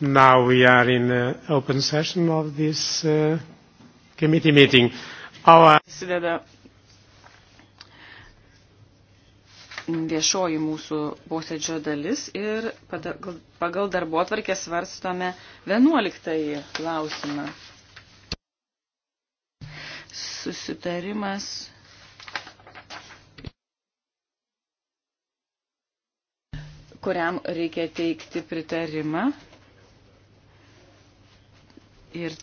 Now we are in uh, open session of this uh, committee meeting. Our... Prasideda viešoji mūsų posėdžio dalis ir pagal darbo atvarkę svarstome 11 klausimą. Susitarimas kuriam reikia teikti pritarimą. Ir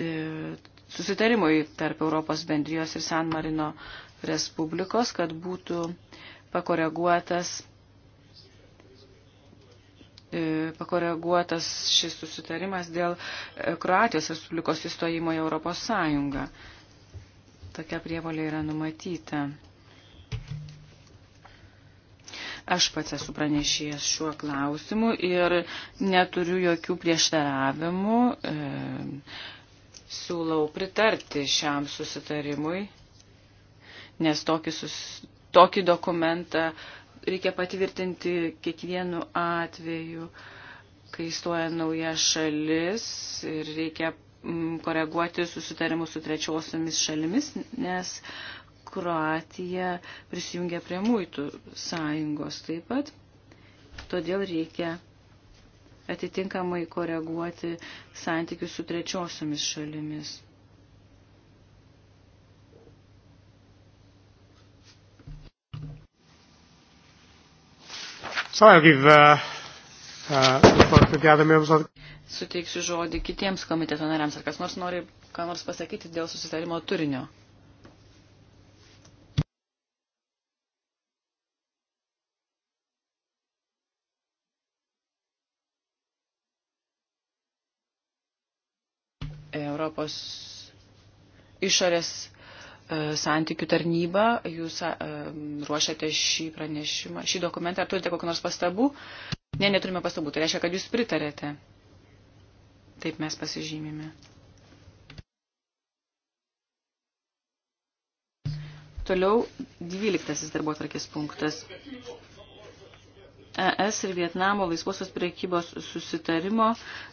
e, susitarimui tarp Europos bendrijos ir San Marino Respublikos, kad būtų pakoreguotas, e, pakoreguotas šis susitarimas dėl e, Kroatijos Respublikos įstojimo į Europos Sąjungą. Tokia prievolė yra numatyta. Aš pats esu pranešėjęs šiuo klausimu ir neturiu jokių prieštaravimų. E, siūlau pritarti šiam susitarimui, nes tokį, sus, tokį dokumentą reikia patvirtinti kiekvienu atveju, kai stoja nauja šalis ir reikia mm, koreguoti susitarimus su trečiosiamis šalimis, nes Kroatija prisijungia prie muitų sąjungos taip pat. Todėl reikia atitinkamai koreguoti santykius su trečiosiomis šalimis. So I'll give uh, uh, Suteiksiu žodį kitiems komiteto nariams, ar kas nors nori ką nors pasakyti dėl susitarimo turinio. Europos išorės e, santykių tarnyba. Jūs e, ruošiate šį pranešimą, šį dokumentą. Ar turite kokių nors pastabų? Ne, neturime pastabų. Tai reiškia, kad jūs pritarėte. Taip mes pasižymime. Toliau 12 darbo atvarkės punktas. ES ir Vietnamo laisvosios priekybos susitarimo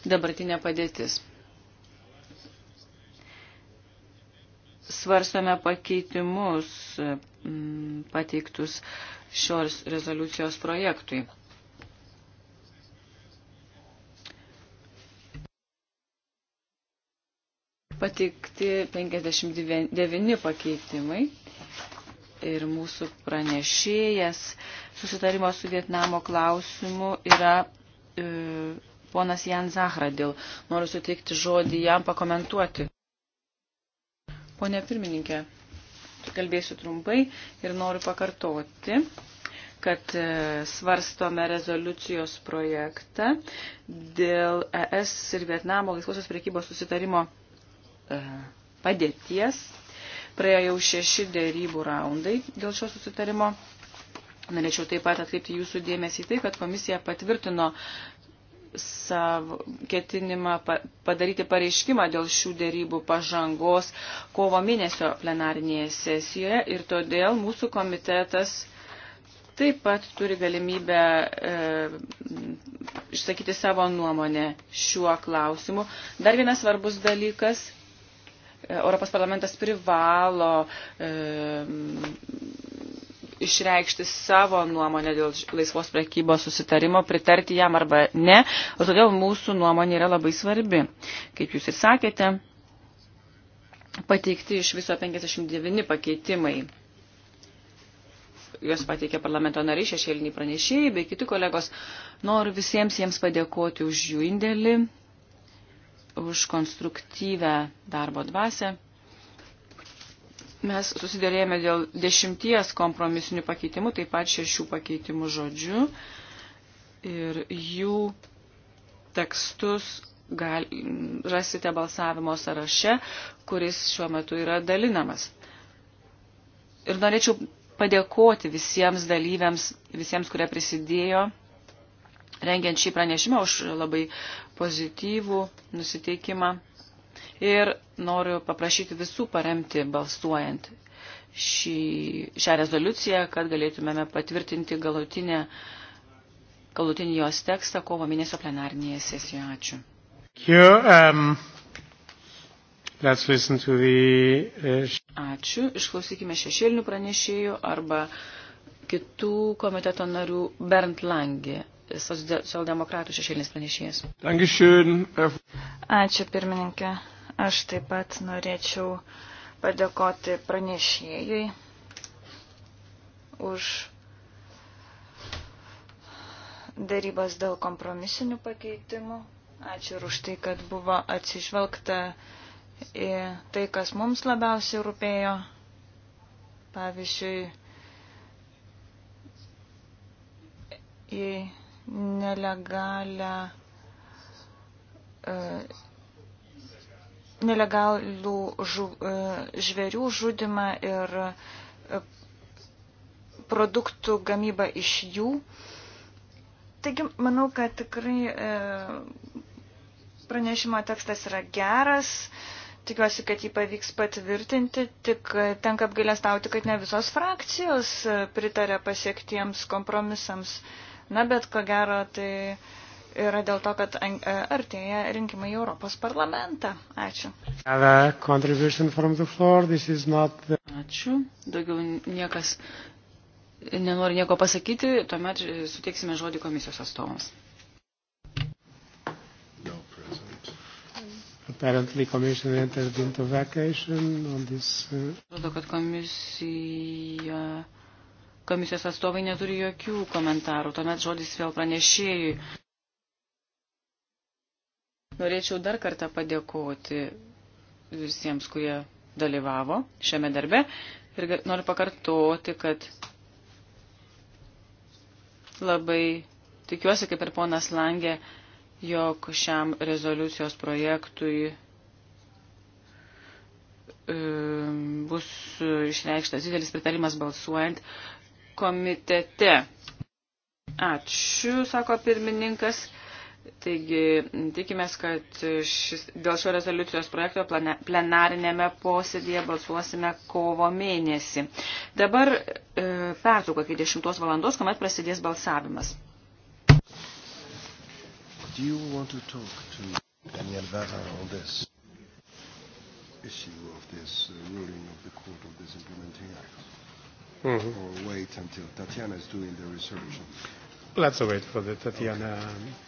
dabartinė padėtis. svarstome pakeitimus mm, pateiktus šios rezoliucijos projektui. Pateikti 59 pakeitimai ir mūsų pranešėjas susitarimo su Vietnamo klausimu yra e, ponas Jan Zahradil. Noriu suteikti žodį jam pakomentuoti Pone pirmininkė, kalbėsiu trumpai ir noriu pakartoti, kad e, svarstome rezoliucijos projektą dėl ES ir Vietnamo laisvosios priekybos susitarimo e, padėties. Praėjo jau šeši dėrybų raundai dėl šio susitarimo. Norėčiau taip pat atkreipti jūsų dėmesį į tai, kad komisija patvirtino savo ketinimą padaryti pareiškimą dėl šių dėrybų pažangos kovo mėnesio plenarinėje sesijoje ir todėl mūsų komitetas taip pat turi galimybę e, išsakyti savo nuomonę šiuo klausimu. Dar vienas svarbus dalykas. E, Europos parlamentas privalo e, išreikšti savo nuomonę dėl laisvos prekybos susitarimo, pritarti jam arba ne, ir todėl mūsų nuomonė yra labai svarbi. Kaip jūs ir sakėte, pateikti iš viso 59 pakeitimai. Juos pateikė parlamento nariai, šešėliniai pranešėjai bei kiti kolegos. Noriu visiems jiems padėkoti už jų indėlį, už konstruktyvę darbo dvasę. Mes susidėlėjome dėl dešimties kompromisinių pakeitimų, taip pat šešių pakeitimų žodžių ir jų tekstus gal, rasite balsavimo sąraše, kuris šiuo metu yra dalinamas. Ir norėčiau padėkoti visiems dalyviams, visiems, kurie prisidėjo rengiant šį pranešimą už labai pozityvų nusiteikimą ir noriu paprašyti visų paremti balsuojant šį, šią rezoliuciją, kad galėtumėme patvirtinti galutinę, galutinį jos tekstą kovo mėnesio plenarnėje sesijoje. Ačiū. Here, um, let's listen to the, uh... Ačiū. Išklausykime šešėlinių pranešėjų arba kitų komiteto narių Bernd Langė socialdemokratų šešėlinis pranešėjas. Ačiū pirmininkė. Aš taip pat norėčiau padėkoti pranešėjui už darybas dėl kompromisinių pakeitimų. Ačiū ir už tai, kad buvo atsižvelgta į tai, kas mums labiausiai rūpėjo. Pavyzdžiui, į nelegalę e, nelegalų žu, e, žvėrių žudimą ir e, produktų gamybą iš jų. Taigi, manau, kad tikrai e, pranešimo tekstas yra geras. Tikiuosi, kad jį pavyks patvirtinti, tik tenka apgailestauti, kad ne visos frakcijos pritarė pasiektiems kompromisams. Na, bet ko gero, tai uh, yra dėl to, kad e, artėja rinkimai į Europos parlamentą. Ačiū. Ačiū. Daugiau niekas nenori nieko pasakyti, tuomet e, suteiksime žodį komisijos atstovams. Apparently commission entered into vacation on this... Uh, Atrodo, kad komisija, komisijos atstovai neturi jokių komentarų. Tuomet žodis vėl pranešėjui. Norėčiau dar kartą padėkoti visiems, kurie dalyvavo šiame darbe ir noriu pakartoti, kad labai tikiuosi, kaip ir ponas Langė, jog šiam rezoliucijos projektui bus išreikštas didelis pritarimas balsuojant komitete. Ačiū, sako pirmininkas. Taigi tikimės, kad šis, dėl šio rezoliucijos projekto plane, plenarinėme posėdėje balsuosime kovo mėnesį. Dabar e, pertrauka iki 10 valandos, kuomet prasidės balsavimas. Do you want to talk to Daniel Vazan on this issue of this uh, ruling of the Court of this implementing act? Mm -hmm. Or wait until Tatiana is doing the research? Let's wait for the Tatiana. Okay. Um,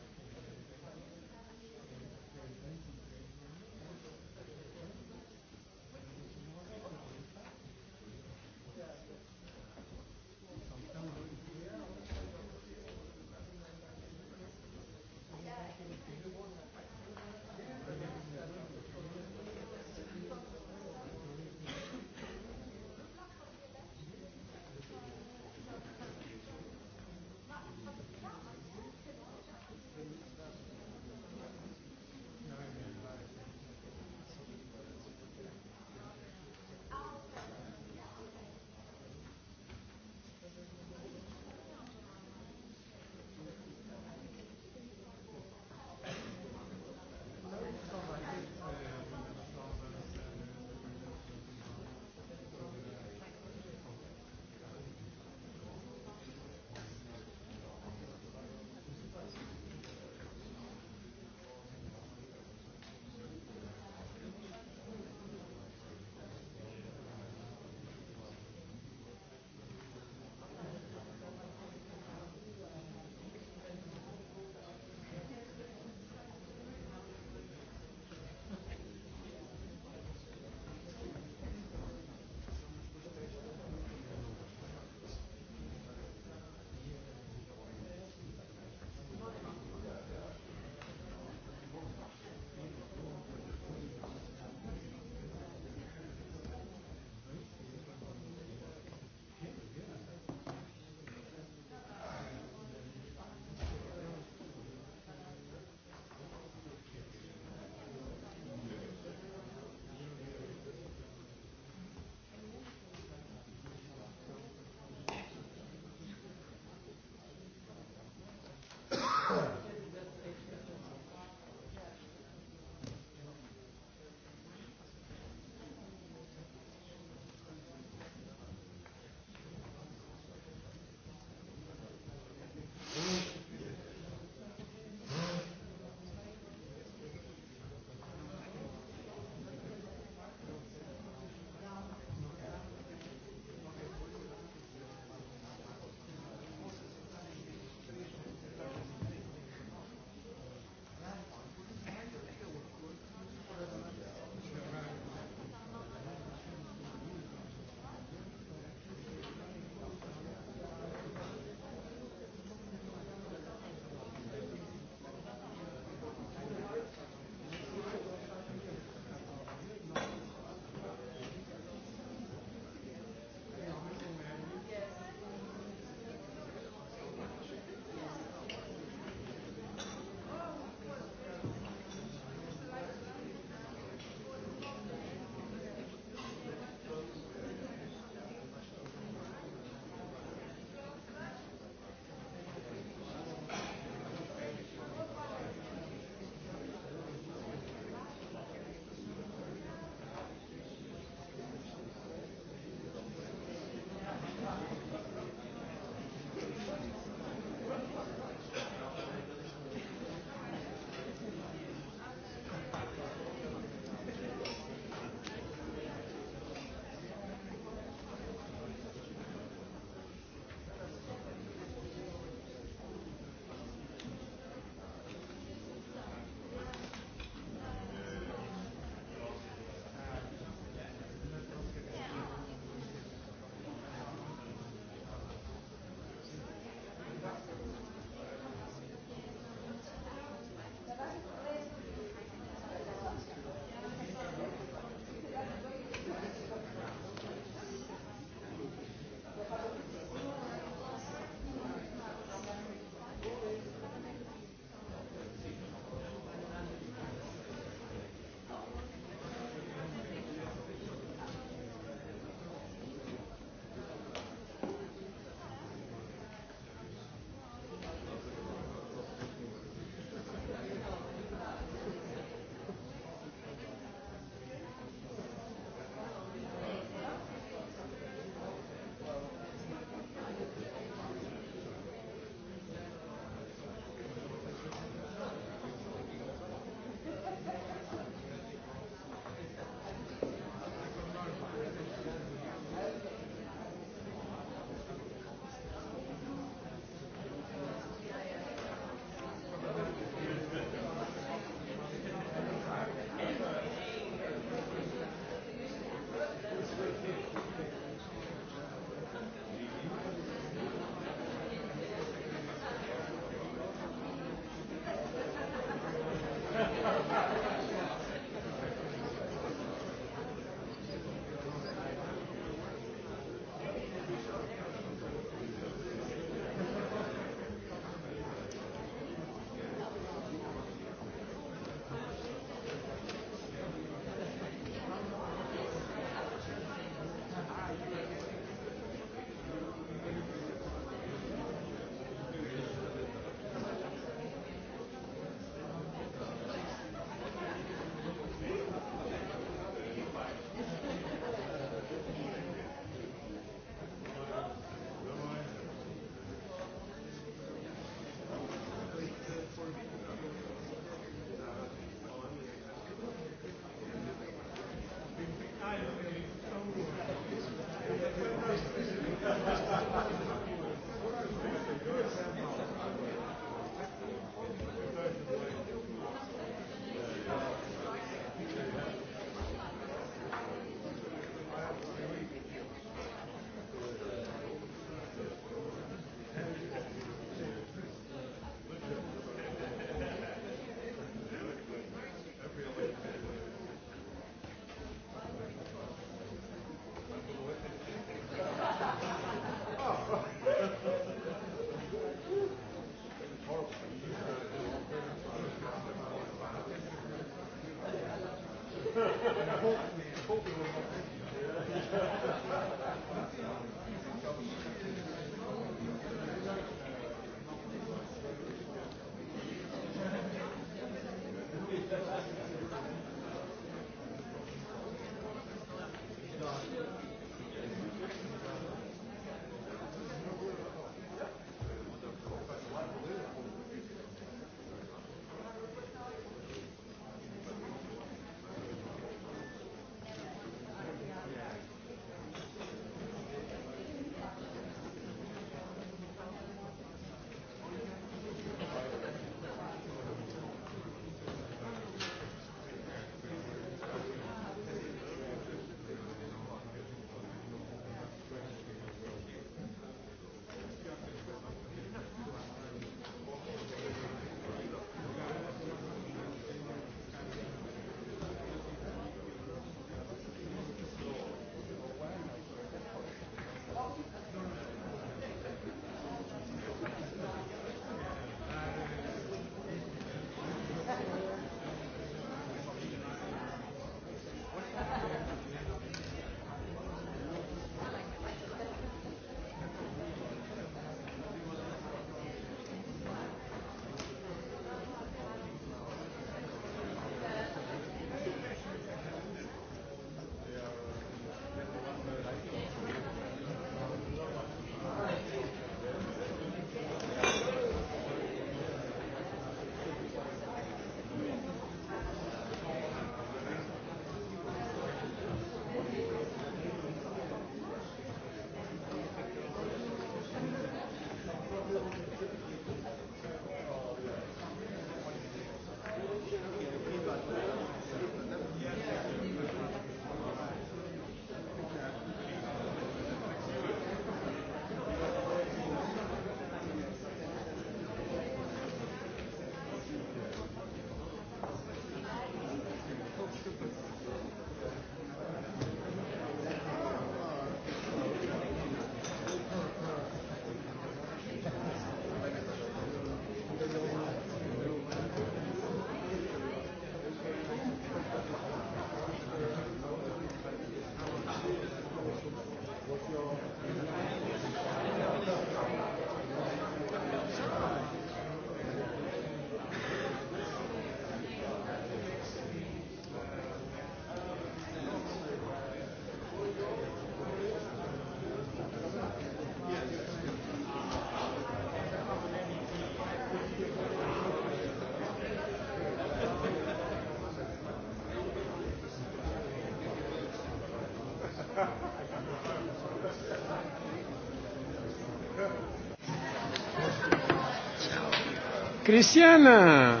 Cristiana,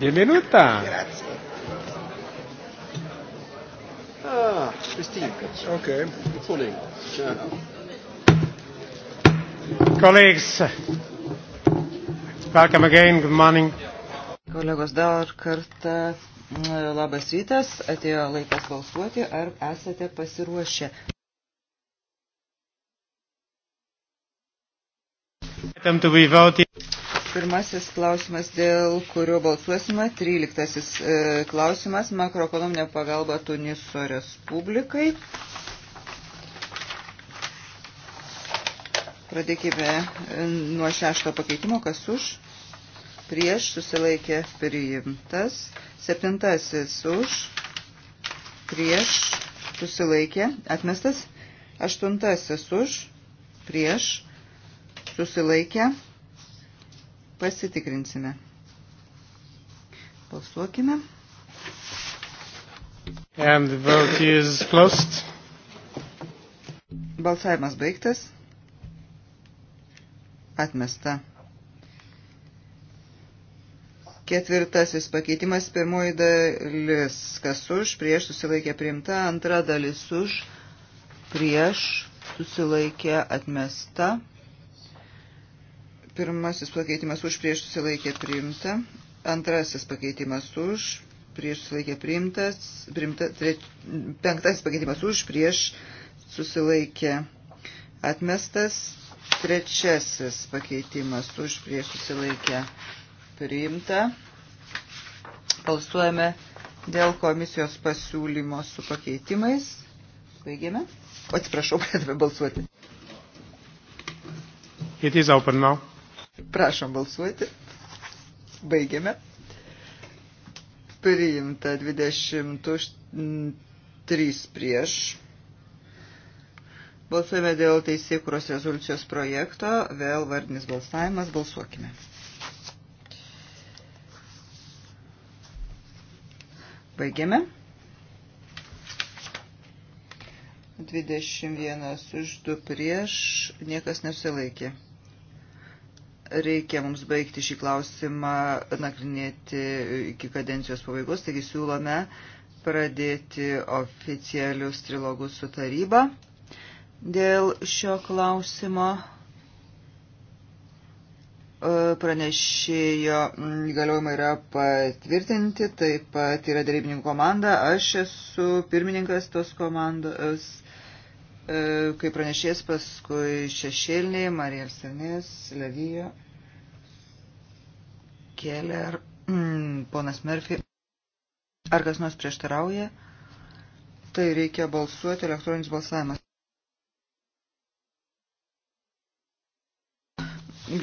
benvenuta. Grazie. Ah, Christine. Okay. Good morning. Ciao. Colleagues, welcome again. Good morning. Kolegos, dar kartą e, labas rytas. Atėjo laikas balsuoti. Ar esate pasiruošę? item to be voted. Pirmasis klausimas, dėl kurio balsuosime. Tryliktasis e, klausimas - makroekonominė pagalba Tuniso Respublikai. Pradėkime e, nuo šešto pakeitimo, kas už. Prieš susilaikė priimtas. Septintasis už. Prieš susilaikė atmestas. Aštuntasis už. Prieš susilaikė atmestas Pasitikrinsime. Balsuokime. And the vote is closed. Balsavimas baigtas. Atmesta. Ketvirtasis pakeitimas, pirmoji dalis, kas už, prieš susilaikė priimta, antra dalis už, prieš susilaikė atmesta, Pirmasis pakeitimas už prieš susilaikė priimta. Antrasis pakeitimas už prieš susilaikė priimtas. Primta, tre, penktasis pakeitimas už prieš susilaikė atmestas. Trečiasis pakeitimas už prieš susilaikė priimta. Balsuojame dėl komisijos pasiūlymo su pakeitimais. Baigėme. Atsiprašau, pradėjome balsuoti. It is open now. Prašom balsuoti. Baigiame. Priimta 23 prieš. Balsuojame dėl teisėkuros rezoliucijos projekto. Vėl vardinis balsavimas. Balsuokime. Baigiame. 21 už 2 prieš. Niekas nesilaikė. Reikia mums baigti šį klausimą nagrinėti iki kadencijos pabaigos, taigi siūlome pradėti oficialius trilogus su taryba dėl šio klausimo e, pranešėjo įgaliojimai yra patvirtinti, taip pat yra darybininkų komanda, aš esu pirmininkas tos komandos E, kaip pranešės paskui šešėliniai, Marija Arsenės, Levijo, Keller, ponas Murphy. Ar kas nors prieštarauja? Tai reikia balsuoti elektroninis balsavimas.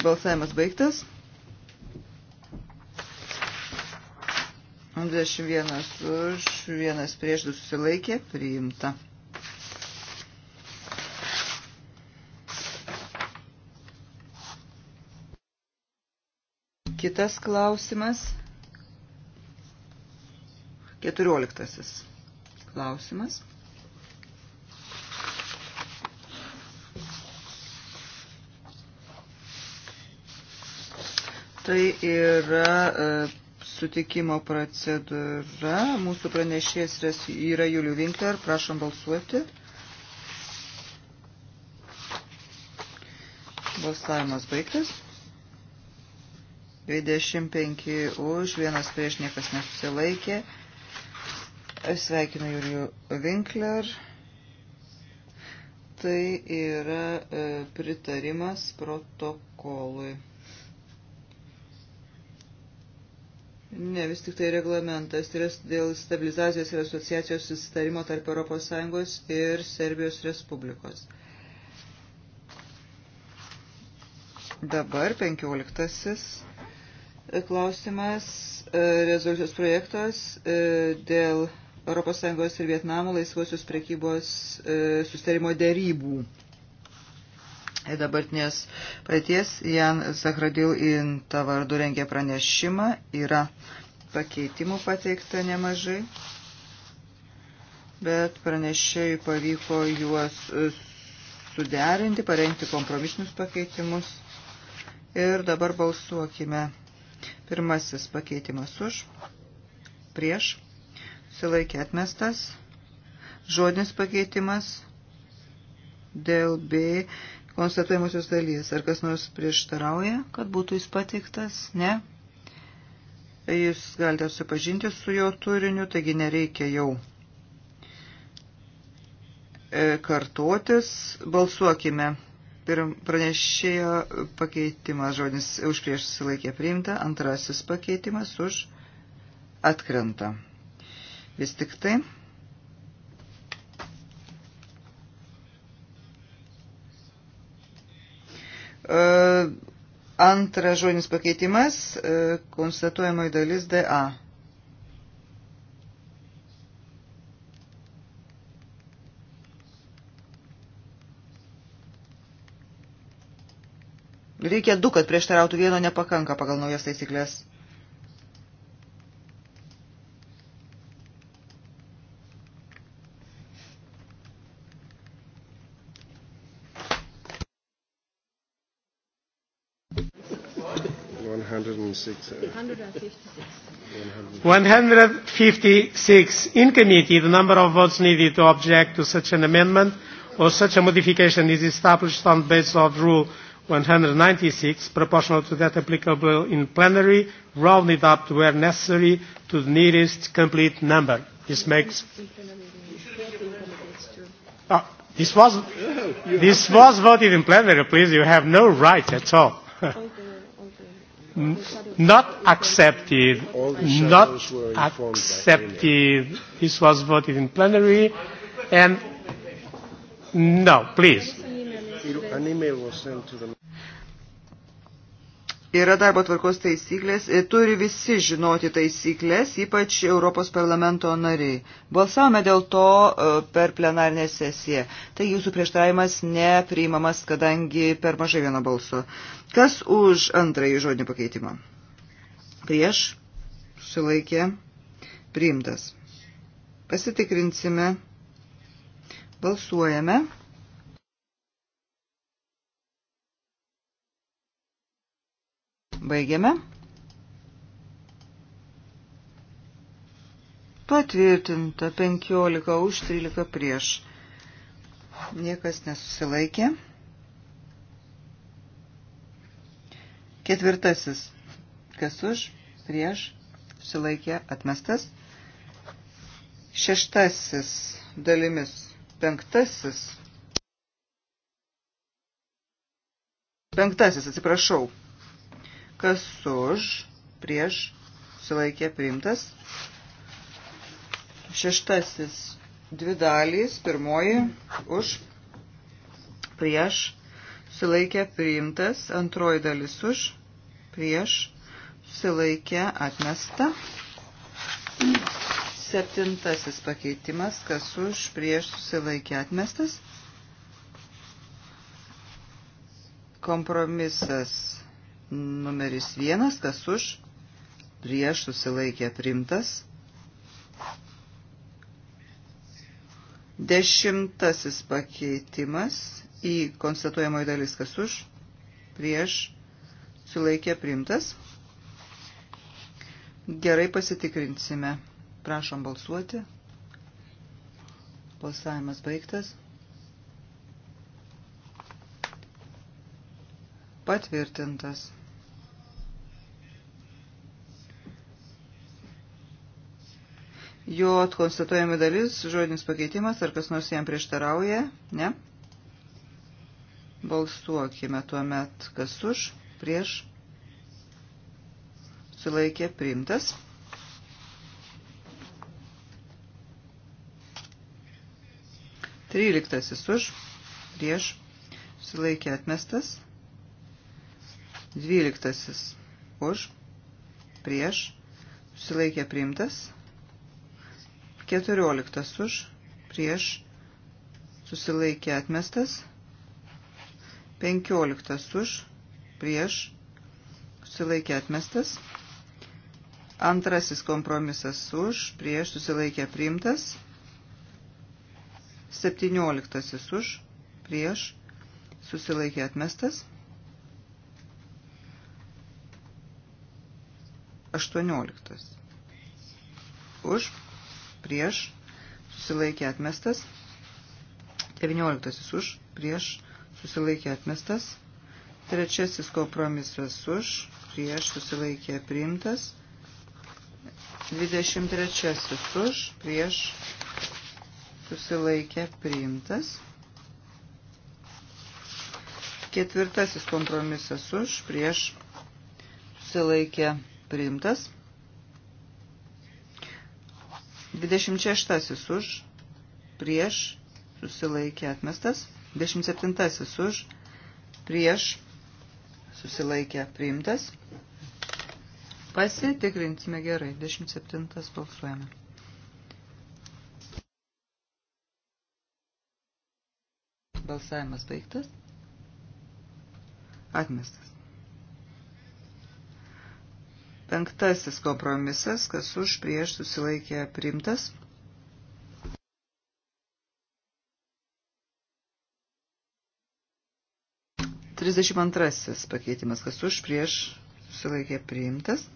Balsavimas baigtas. 21 už, 1 prieš 2 susilaikė, priimta. Kitas klausimas. Keturioliktasis klausimas. Tai yra e, sutikimo procedūra. Mūsų pranešėjas yra Julių Winkler. Prašom balsuoti. Balsavimas baigtas. 25 už, vienas prieš niekas nesusilaikė. Sveikinu Juliu Winkler. Tai yra e, pritarimas protokolui. Ne, vis tik tai reglamentas yra dėl stabilizacijos ir asociacijos susitarimo tarp ES ir Serbijos Respublikos. Dabar penkioliktasis klausimas, e, rezoliucijos projektas e, dėl ES ir Vietnamo laisvosios prekybos e, sustarimo dėrybų. Dabartinės praeities Jan Zahradil Inta vardu rengė pranešimą, yra pakeitimų pateikta nemažai, bet pranešėjai pavyko juos suderinti, parengti kompromisinius pakeitimus ir dabar balsuokime. Pirmasis pakeitimas už, prieš, silaikė atmestas. Žodinis pakeitimas dėl B konstatuojamosios dalies. Ar kas nors prieštarauja, kad būtų jis pateiktas? Ne. Jūs galite supažinti su jo turiniu, taigi nereikia jau e, kartotis. Balsuokime Pranešėjo pakeitimas žodis už prieš susilaikė priimta, antrasis pakeitimas už atkrenta. Vis tik tai. E, antras žodinis pakeitimas, e, konstatuojamoji dalis DA. Reikia du, kad prieštarautų vieno nepakanka pagal naujas taisyklės. One hundred fifty six in committee the number of votes needed to object to such an amendment or such a modification is established on the basis of rule 196 proportional to that applicable in plenary, rounded up to where necessary to the nearest complete number. This makes. Oh, this was this was voted in plenary. Please, you have no right at all. not accepted. Not accepted. This was voted in plenary, and no, please an email was sent to the yra darbo tvarkos taisyklės, e, turi visi žinoti taisyklės, ypač Europos parlamento nariai. Balsavome dėl to e, per plenarinę sesiją. Tai jūsų prieštaravimas nepriimamas, kadangi per mažai vieno balso. Kas už antrąjį žodinį pakeitimą? Prieš sulaikė priimtas. Pasitikrinsime. Balsuojame. Baigiame. Patvirtinta 15 už 13 prieš. Niekas nesusilaikė. Ketvirtasis. Kas už, prieš, susilaikė, atmestas. Šeštasis dalimis. Penktasis. Penktasis, atsiprašau kas už, prieš, sulaikė priimtas. Šeštasis, dvi dalys, pirmoji, už, prieš, sulaikė priimtas, antroji dalis už, prieš, sulaikė atmesta. Septintasis pakeitimas, kas už, prieš, susilaikė atmestas. Kompromisas numeris vienas, kas už, prieš susilaikė primtas. Dešimtasis pakeitimas į konstatuojamoji dalis, kas už, prieš sulaikė primtas. Gerai pasitikrinsime. Prašom balsuoti. Balsavimas baigtas. Patvirtintas. Jo konstatuojami dalis, žodinis pakeitimas, ar kas nors jam prieštarauja? Ne? Balsuokime tuo met, kas už, prieš, sulaikė, priimtas. Tryliktasis už, prieš, sulaikė, atmestas. Dvyliktasis už, prieš, sulaikė, priimtas. 14 už, prieš, susilaikė atmestas, 15 už, prieš, susilaikė atmestas, antrasis kompromisas už, prieš, susilaikė priimtas, 17 už, prieš, susilaikė atmestas, 18 už, prieš, susilaikė atmestas. 19 už, prieš, susilaikė atmestas. Trečiasis kompromisas už, prieš, susilaikė priimtas. 23 už, prieš, susilaikė priimtas. Ketvirtasis kompromisas už, prieš, susilaikė priimtas. 26 už, prieš, susilaikė atmestas. 27 už, prieš, susilaikė priimtas. Pasitikrinsime gerai. 27 balsuojame. Balsavimas baigtas. Atmestas. Penktasis kompromisas, kas už prieš susilaikė primtas. Trisdešimt antrasis pakeitimas, kas už prieš susilaikė priimtas.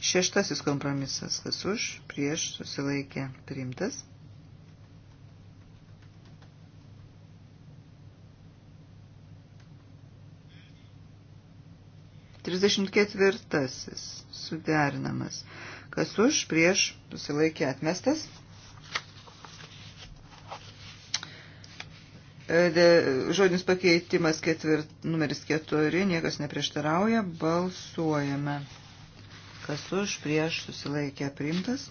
Šeštasis kompromisas, kas už prieš susilaikė priimtas. 34 suderinamas. Kas už, prieš, susilaikė atmestas. E, žodinis pakeitimas ketvirt, numeris 4, niekas neprieštarauja, balsuojame. Kas už, prieš, susilaikė priimtas.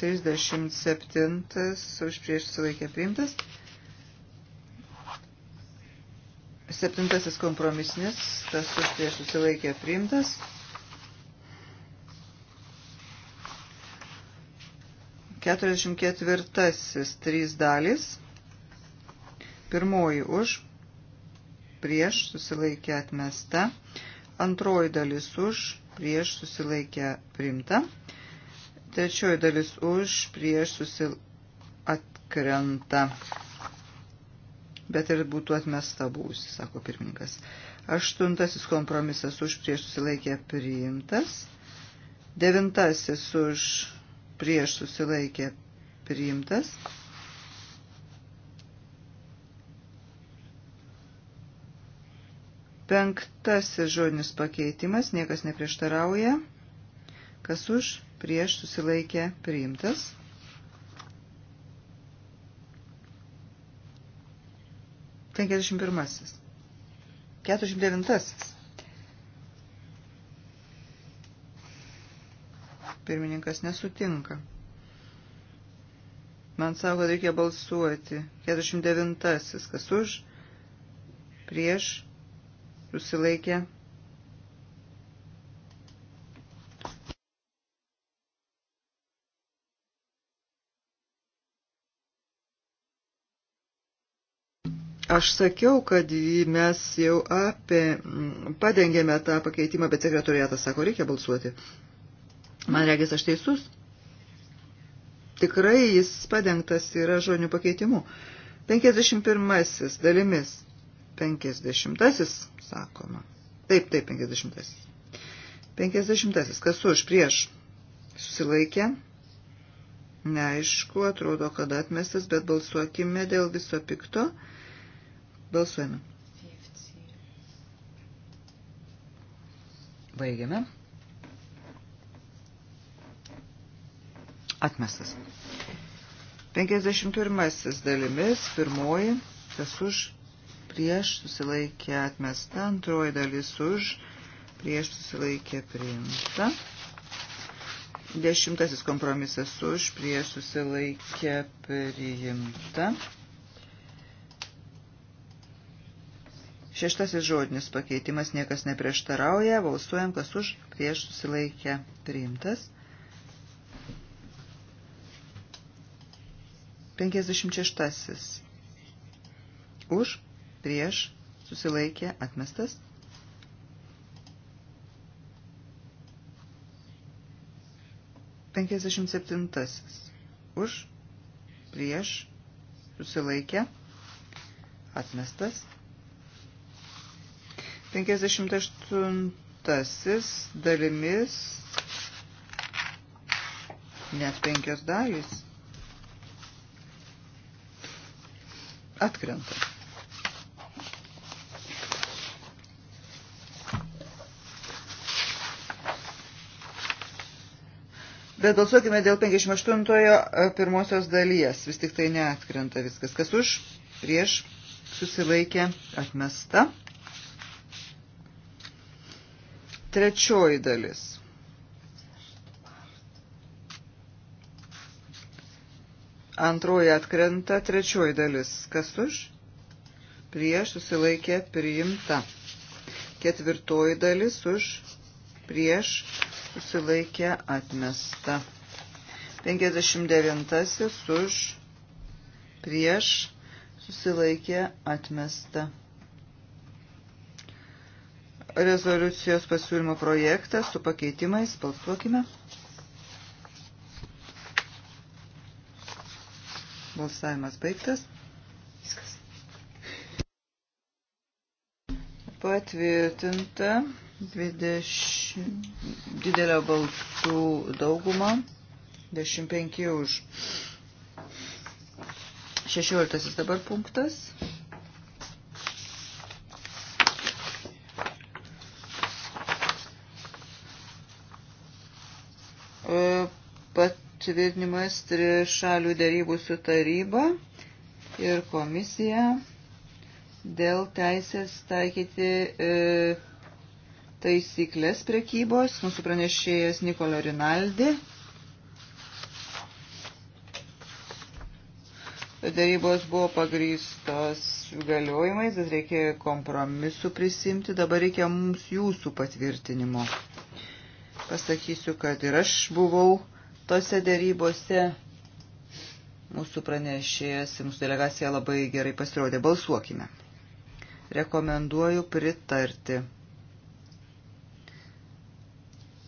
37 už prieš sulaikę priimtas. Septintasis kompromisinis, tas už prieš susilaikė priimtas. Keturiasdešimt ketvirtasis, trys dalys. Pirmoji už, prieš susilaikė atmesta. Antroji dalis už, prieš susilaikė priimta. Trečioji dalis už, prieš susilaikė atkrenta bet ir būtų atmesta būsi, sako pirmininkas. Aštuntasis kompromisas už prieš susilaikė priimtas. Devintasis už prieš susilaikė priimtas. Penktasis žodinis pakeitimas, niekas neprieštarauja. Kas už prieš susilaikė priimtas. 51. 49. Pirmininkas nesutinka. Man sako, kad reikia balsuoti. 49. Kas už? Prieš? Susilaikė? Aš sakiau, kad mes jau apie, padengėme tą pakeitimą, bet sekretoriatas sako, reikia balsuoti. Man regis, aš teisus. Tikrai jis padengtas yra žodžių pakeitimu. 51 dalimis. 50 sakoma. Taip, taip, 50. 50. Kas už prieš? Susilaikė. Neaišku, atrodo, kad atmestas, bet balsuokime dėl viso pikto. Balsuojame. Baigiame. Atmestas. 51 dalimis, pirmoji, kas už, prieš, susilaikė atmesta, antroji dalis už, prieš, susilaikė priimta. Dešimtasis kompromisas už, prieš, susilaikė priimta. Šeštasis žodinis pakeitimas niekas neprieštarauja, balsuojam, kas už, prieš susilaikę priimtas. 56. Už, prieš, susilaikė, atmestas. Penkiasdešimt septintasis. Už, prieš, susilaikė, atmestas. 58 dalimis, net penkios dalys, atkrenta. Bet balsuokime dėl 58 e, pirmosios dalies. Vis tik tai neatkrenta viskas. Kas už, prieš, susilaikė, atmesta. Trečioji dalis. Antroji atkrenta, trečioji dalis. Kas už? Prieš susilaikė priimta. Ketvirtoji dalis už prieš susilaikė atmesta. 59 už prieš susilaikė atmesta rezoliucijos pasiūlymo projektą su pakeitimais. Balsuokime. Balsavimas baigtas. Patvirtinta 20, didelio balsų daugumą, 15 už. 16 dabar punktas. tvirtinimas trišalių dėrybų su taryba ir komisija dėl teisės taikyti e, taisyklės prekybos. Mūsų pranešėjas Nikolo Rinaldi. Darybos buvo pagrystos galiojimais, bet reikėjo kompromisų prisimti, dabar reikia mums jūsų patvirtinimo. Pasakysiu, kad ir aš buvau Tose dėrybose mūsų pranešėjas ir mūsų delegacija labai gerai pasirodė. Balsuokime. Rekomenduoju pritarti.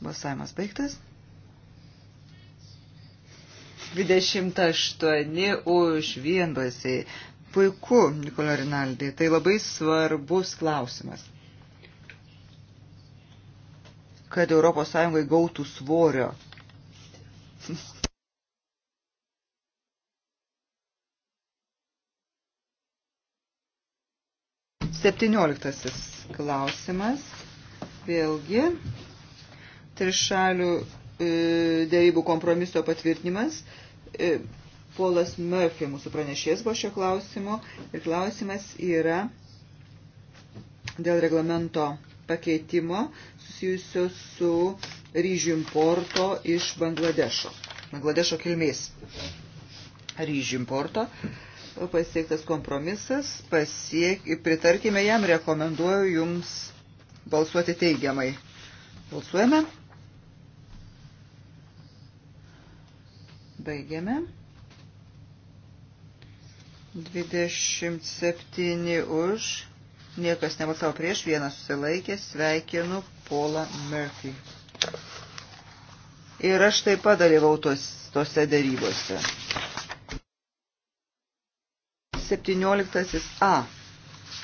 Balsavimas baigtas. 28 už vienbalsiai. Puiku, Nikola Rinaldi, tai labai svarbus klausimas. Kad ES gautų svorio Septynioliktasis klausimas. Vėlgi, trišalių e, dėrybų kompromiso patvirtinimas. E, Polas Murphy mūsų pranešės buvo šio klausimo ir klausimas yra dėl reglamento pakeitimo susijusio su ryžių importo iš Bangladešo, Bangladešo kilmės ryžių importo. Pasiektas kompromisas, pasiek, pritarkime jam, rekomenduoju jums balsuoti teigiamai. Balsuojame. Baigiame. 27 už, niekas nebalsavo prieš, vienas susilaikė, sveikinu Paulą Murphy. Ir aš taip pat dalyvau tos, tose darybose. 17 A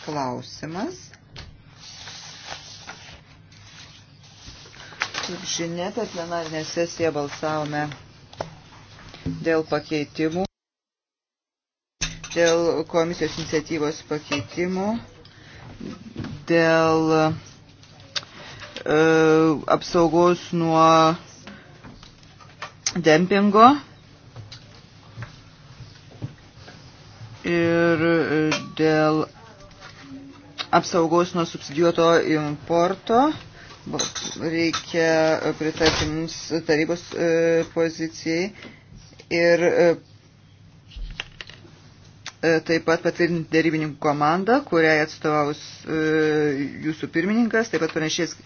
klausimas. Kaip žinia, per plenarinę sesiją balsavome dėl pakeitimų, dėl komisijos iniciatyvos pakeitimų, dėl E, apsaugos nuo dempingo. Ir dėl apsaugos nuo subsidijuoto importo reikia pritarti mums tarybos e, pozicijai ir e, taip pat patvirtinti dėrybininkų komandą, kuriai atstovaus jūsų pirmininkas, taip pat pranešės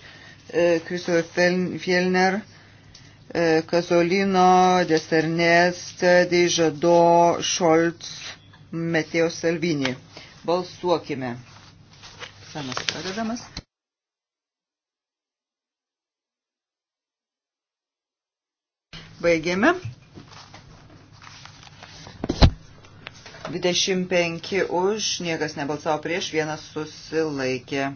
Kristofer e, Fielner, Kazolino, e, Desernest, Deižado, Šolc, Meteo Salvini. Balsuokime. Samas pradedamas. Baigėme. 25 už, niekas nebalsavo prieš, vienas susilaikė.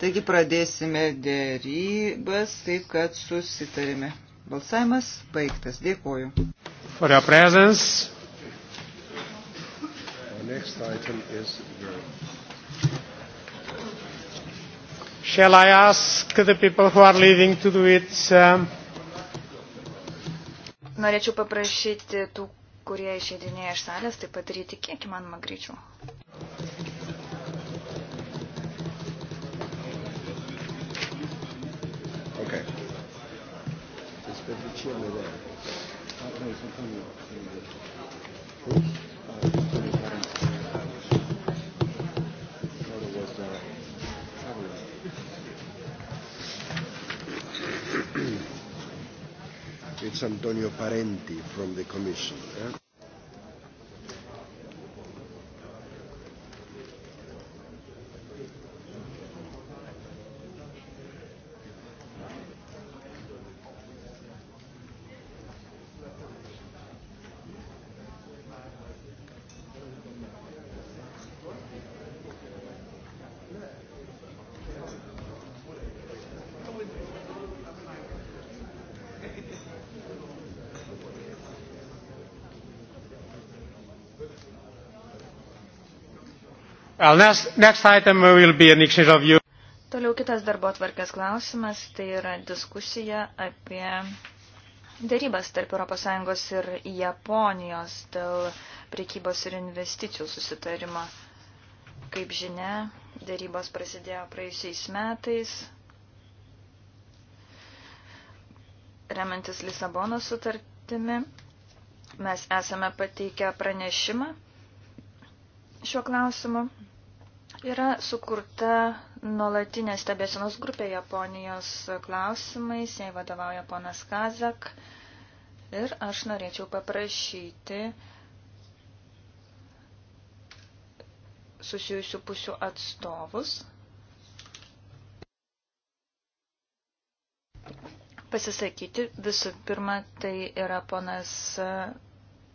Taigi pradėsime dėrybas, taip kad susitarime. Balsavimas baigtas. Dėkuoju. For your presence. The next item is Shall I ask the people who are leaving to do it? Um... Norėčiau paprašyti tų, kurie išėdinėja iš salės, taip pat daryti kiek įmanoma greičiau. Okay. It's Antonio Parenti from the Commission. Eh? Well, next, next item will be an exchange of views. Toliau kitas darbo atvarkės klausimas, tai yra diskusija apie dėrybas tarp ES ir Japonijos dėl priekybos ir investicijų susitarimo. Kaip žinia, dėrybos prasidėjo praėjusiais metais. Remiantis Lisabono sutartimi, mes esame pateikę pranešimą šiuo klausimu. Yra sukurta nuolatinė stebėsenos grupė Japonijos klausimais, jai vadovauja ponas Kazak. Ir aš norėčiau paprašyti susijusių pusių atstovus pasisakyti. Visų pirma, tai yra ponas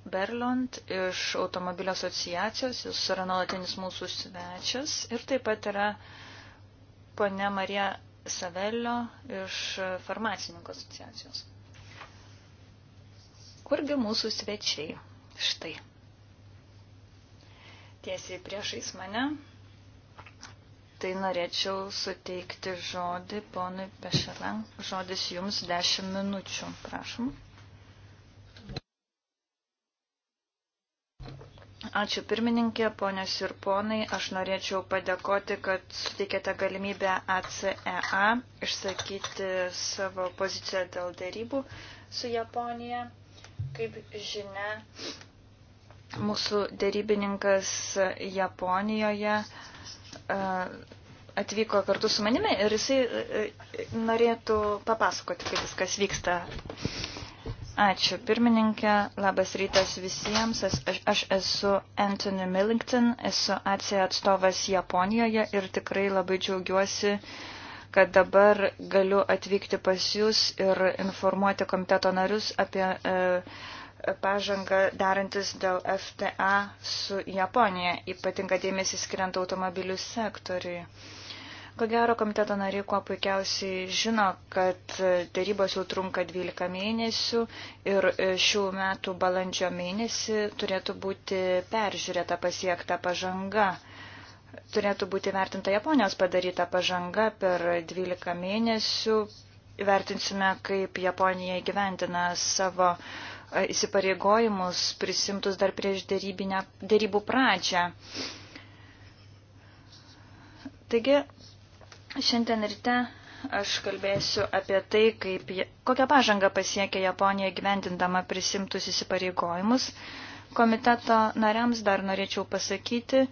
Berlond iš automobilio asociacijos, jis yra nuolatinis mūsų svečias ir taip pat yra ponia Marija Savelio iš farmacininkų asociacijos. Kurgi mūsų svečiai? Štai. Tiesiai priešais mane. Tai norėčiau suteikti žodį ponui Pešelan. Žodis jums 10 minučių, prašom. Ačiū pirmininkė, ponės ir ponai. Aš norėčiau padėkoti, kad suteikėte galimybę ACEA e išsakyti savo poziciją dėl dėrybų su Japonija. Kaip žinia, mūsų dėrybininkas Japonijoje e, atvyko kartu su manimi ir jisai e, norėtų papasakoti, kaip viskas vyksta Ačiū pirmininkė, labas rytas visiems. Aš, aš esu Anthony Millington, esu ACE atstovas Japonijoje ir tikrai labai džiaugiuosi, kad dabar galiu atvykti pas Jūs ir informuoti komiteto narius apie e, pažangą darantis dėl FTA su Japonija, ypatinga dėmesį skiriant automobilių sektoriui. E, Ko gero, komiteto nariai kuo puikiausiai žino, kad darybos jau trunka 12 mėnesių ir šių metų balandžio mėnesį turėtų būti peržiūrėta pasiekta pažanga turėtų būti vertinta Japonijos padaryta pažanga per 12 mėnesių. Vertinsime, kaip Japonija įgyventina savo e, įsipareigojimus prisimtus dar prieš darybų pradžią. Taigi, Šiandien ryte aš kalbėsiu apie tai, kaip, kokią pažangą pasiekė Japonija gyvendindama prisimtus įsipareigojimus. Komiteto nariams dar norėčiau pasakyti,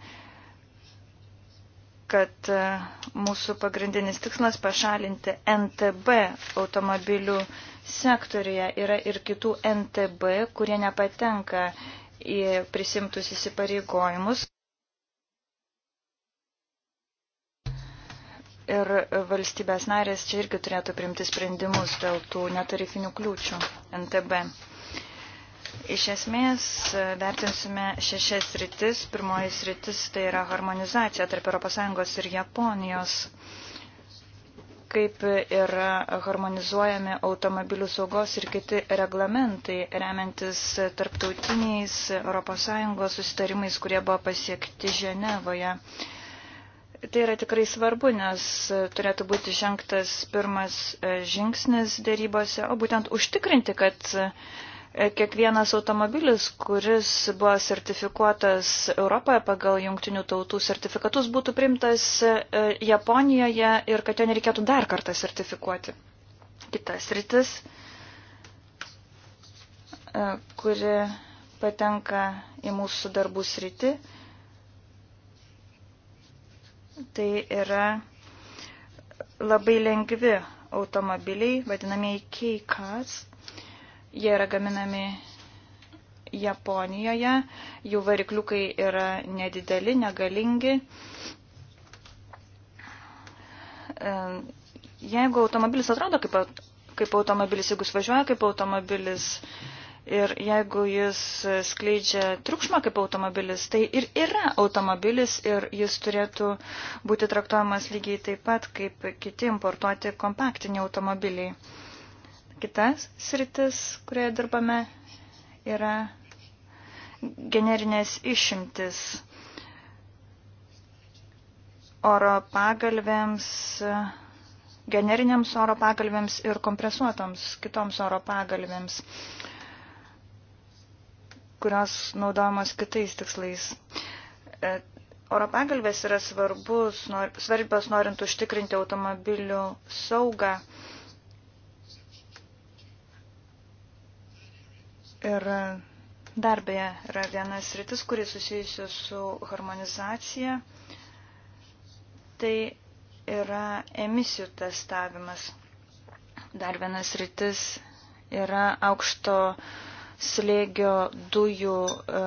kad e, mūsų pagrindinis tikslas pašalinti NTB automobilių sektoriuje yra ir kitų NTB, kurie nepatenka į prisimtus įsipareigojimus. Ir valstybės narės čia irgi turėtų primti sprendimus dėl tų netarifinių kliūčių NTB. Iš esmės vertinsime šešias rytis. Pirmoji rytis tai yra harmonizacija tarp ES ir Japonijos. Kaip yra harmonizuojami automobilių saugos ir kiti reglamentai, remiantis tarptautiniais ES susitarimais, kurie buvo pasiekti Ženevoje tai yra tikrai svarbu, nes turėtų būti žengtas pirmas e, žingsnis dėrybose, o būtent užtikrinti, kad e, kiekvienas automobilis, kuris buvo sertifikuotas Europoje pagal jungtinių tautų sertifikatus, būtų primtas e, Japonijoje ir kad jo nereikėtų dar kartą sertifikuoti. Kitas rytis, kuri patenka į mūsų darbų sritį Tai yra labai lengvi automobiliai, vadinamieji K-Cars. Jie yra gaminami Japonijoje, jų varikliukai yra nedideli, negalingi. Jeigu automobilis atrodo kaip, kaip automobilis, jeigu jis važiuoja kaip automobilis, Ir jeigu jis skleidžia triukšmą kaip automobilis, tai ir yra automobilis ir jis turėtų būti traktuojamas lygiai taip pat kaip kiti importuoti kompaktiniai automobiliai. Kitas sritis, kurioje dirbame, yra generinės išimtis oro pagalvėms, generiniams oro pagalvėms ir kompresuotoms kitoms oro pagalvėms kurios naudojamos kitais tikslais. E, oro pagalbės yra svarbus, nor, svarbios norint užtikrinti automobilių saugą. Ir dar beje yra vienas rytis, kuris susijusi su harmonizacija. Tai yra emisijų testavimas. Dar vienas rytis yra aukšto uh, slėgio dujų e,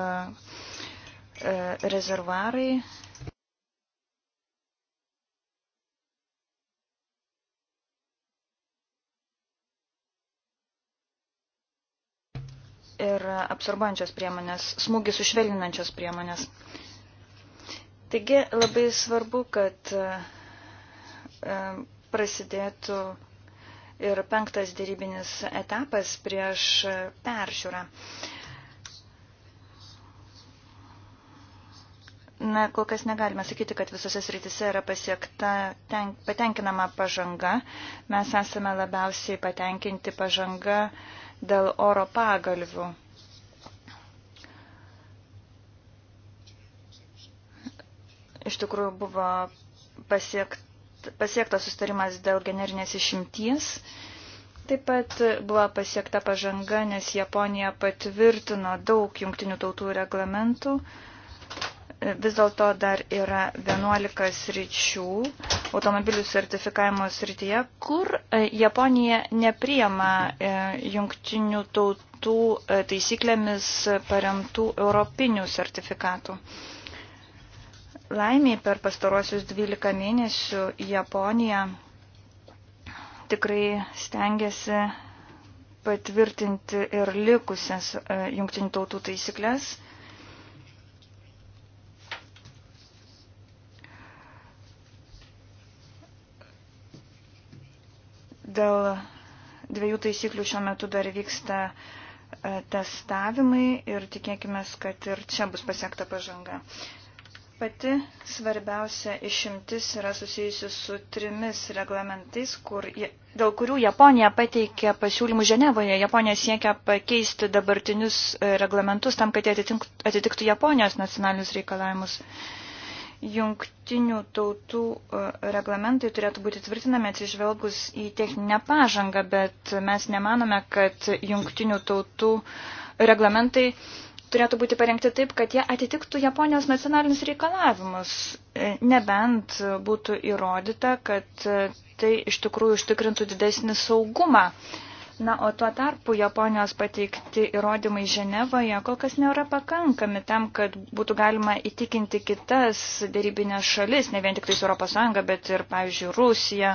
e, rezervuarai. Ir absorbančios priemonės, smūgį sušvelninančios priemonės. Taigi labai svarbu, kad e, prasidėtų ir penktas dėrybinis etapas prieš peržiūrą. Na, kol kas negalime sakyti, kad visose srityse yra pasiekta ten, patenkinama pažanga. Mes esame labiausiai patenkinti pažanga dėl oro pagalvių. Iš tikrųjų buvo pasiekt, pasiektas sustarimas dėl generinės išimties. Taip pat buvo pasiekta pažanga, nes Japonija patvirtino daug jungtinių tautų reglamentų. Vis dėlto dar yra 11 sričių automobilių sertifikavimo srityje, kur e, Japonija nepriema e, jungtinių tautų e, taisyklėmis paremtų europinių sertifikatų. Laimiai per pastaruosius 12 mėnesių Japonija tikrai stengiasi patvirtinti ir likusias e, jungtinių tautų taisyklės. Dėl dviejų taisyklių šiuo metu dar vyksta e, testavimai ir tikėkime, kad ir čia bus pasiekta pažanga. Pati svarbiausia išimtis yra susijusi su trimis reglamentais, kur, dėl kurių Japonija pateikė pasiūlymų Ženevoje. Japonija siekia pakeisti dabartinius e, reglamentus tam, kad jie atitiktų Japonijos nacionalinius reikalavimus. Jungtinių tautų e, reglamentai turėtų būti tvirtinami atsižvelgus į techninę pažangą, bet mes nemanome, kad jungtinių tautų reglamentai uh, turėtų būti parengti taip, kad jie atitiktų Japonijos nacionalinius reikalavimus, e, nebent būtų įrodyta, kad e, tai iš tikrųjų užtikrintų didesnį saugumą. Na, o tuo tarpu Japonijos pateikti įrodymai Ženevoje kol kas nėra pakankami tam, kad būtų galima įtikinti kitas dėrybinės šalis, ne vien tik tais Europos Sąjunga, bet ir, pavyzdžiui, Rusija,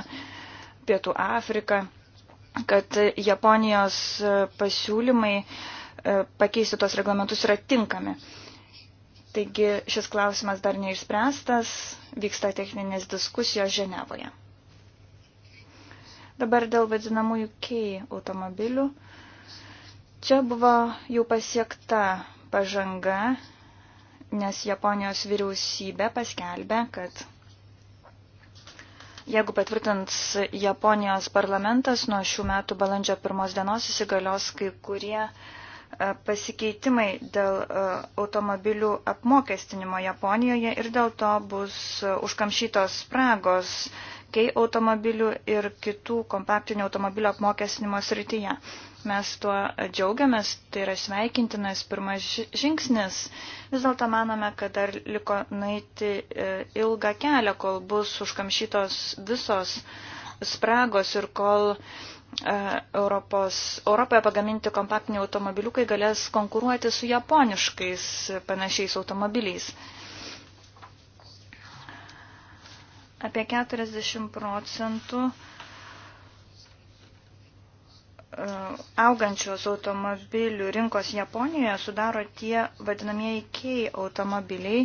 Pietų Afrika, kad Japonijos pasiūlymai uh, E, pakeisti tos reglamentus yra tinkami. Taigi šis klausimas dar neišspręstas, vyksta techninės diskusijos Ženevoje. Dabar dėl vadinamųjų kei automobilių. Čia buvo jau pasiekta pažanga, nes Japonijos vyriausybė paskelbė, kad jeigu patvirtins Japonijos parlamentas, nuo šių metų balandžio pirmos dienos įsigalios kai kurie uh, E, pasikeitimai dėl e, automobilių apmokestinimo Japonijoje ir dėl to bus užkamšytos spragos kei automobilių ir kitų kompaktinių automobilių apmokestinimo srityje. Mes tuo džiaugiamės, tai yra sveikintinas pirmas žingsnis. Vis dėlto manome, kad dar liko naiti e, ilgą kelią, kol bus užkamšytos visos spragos ir kol uh, E, Europos, Europoje pagaminti kompaktiniai automobiliukai galės konkuruoti su japoniškais panašiais automobiliais. Apie 40 procentų e, augančios automobilių rinkos Japonijoje sudaro tie vadinamieji kei automobiliai,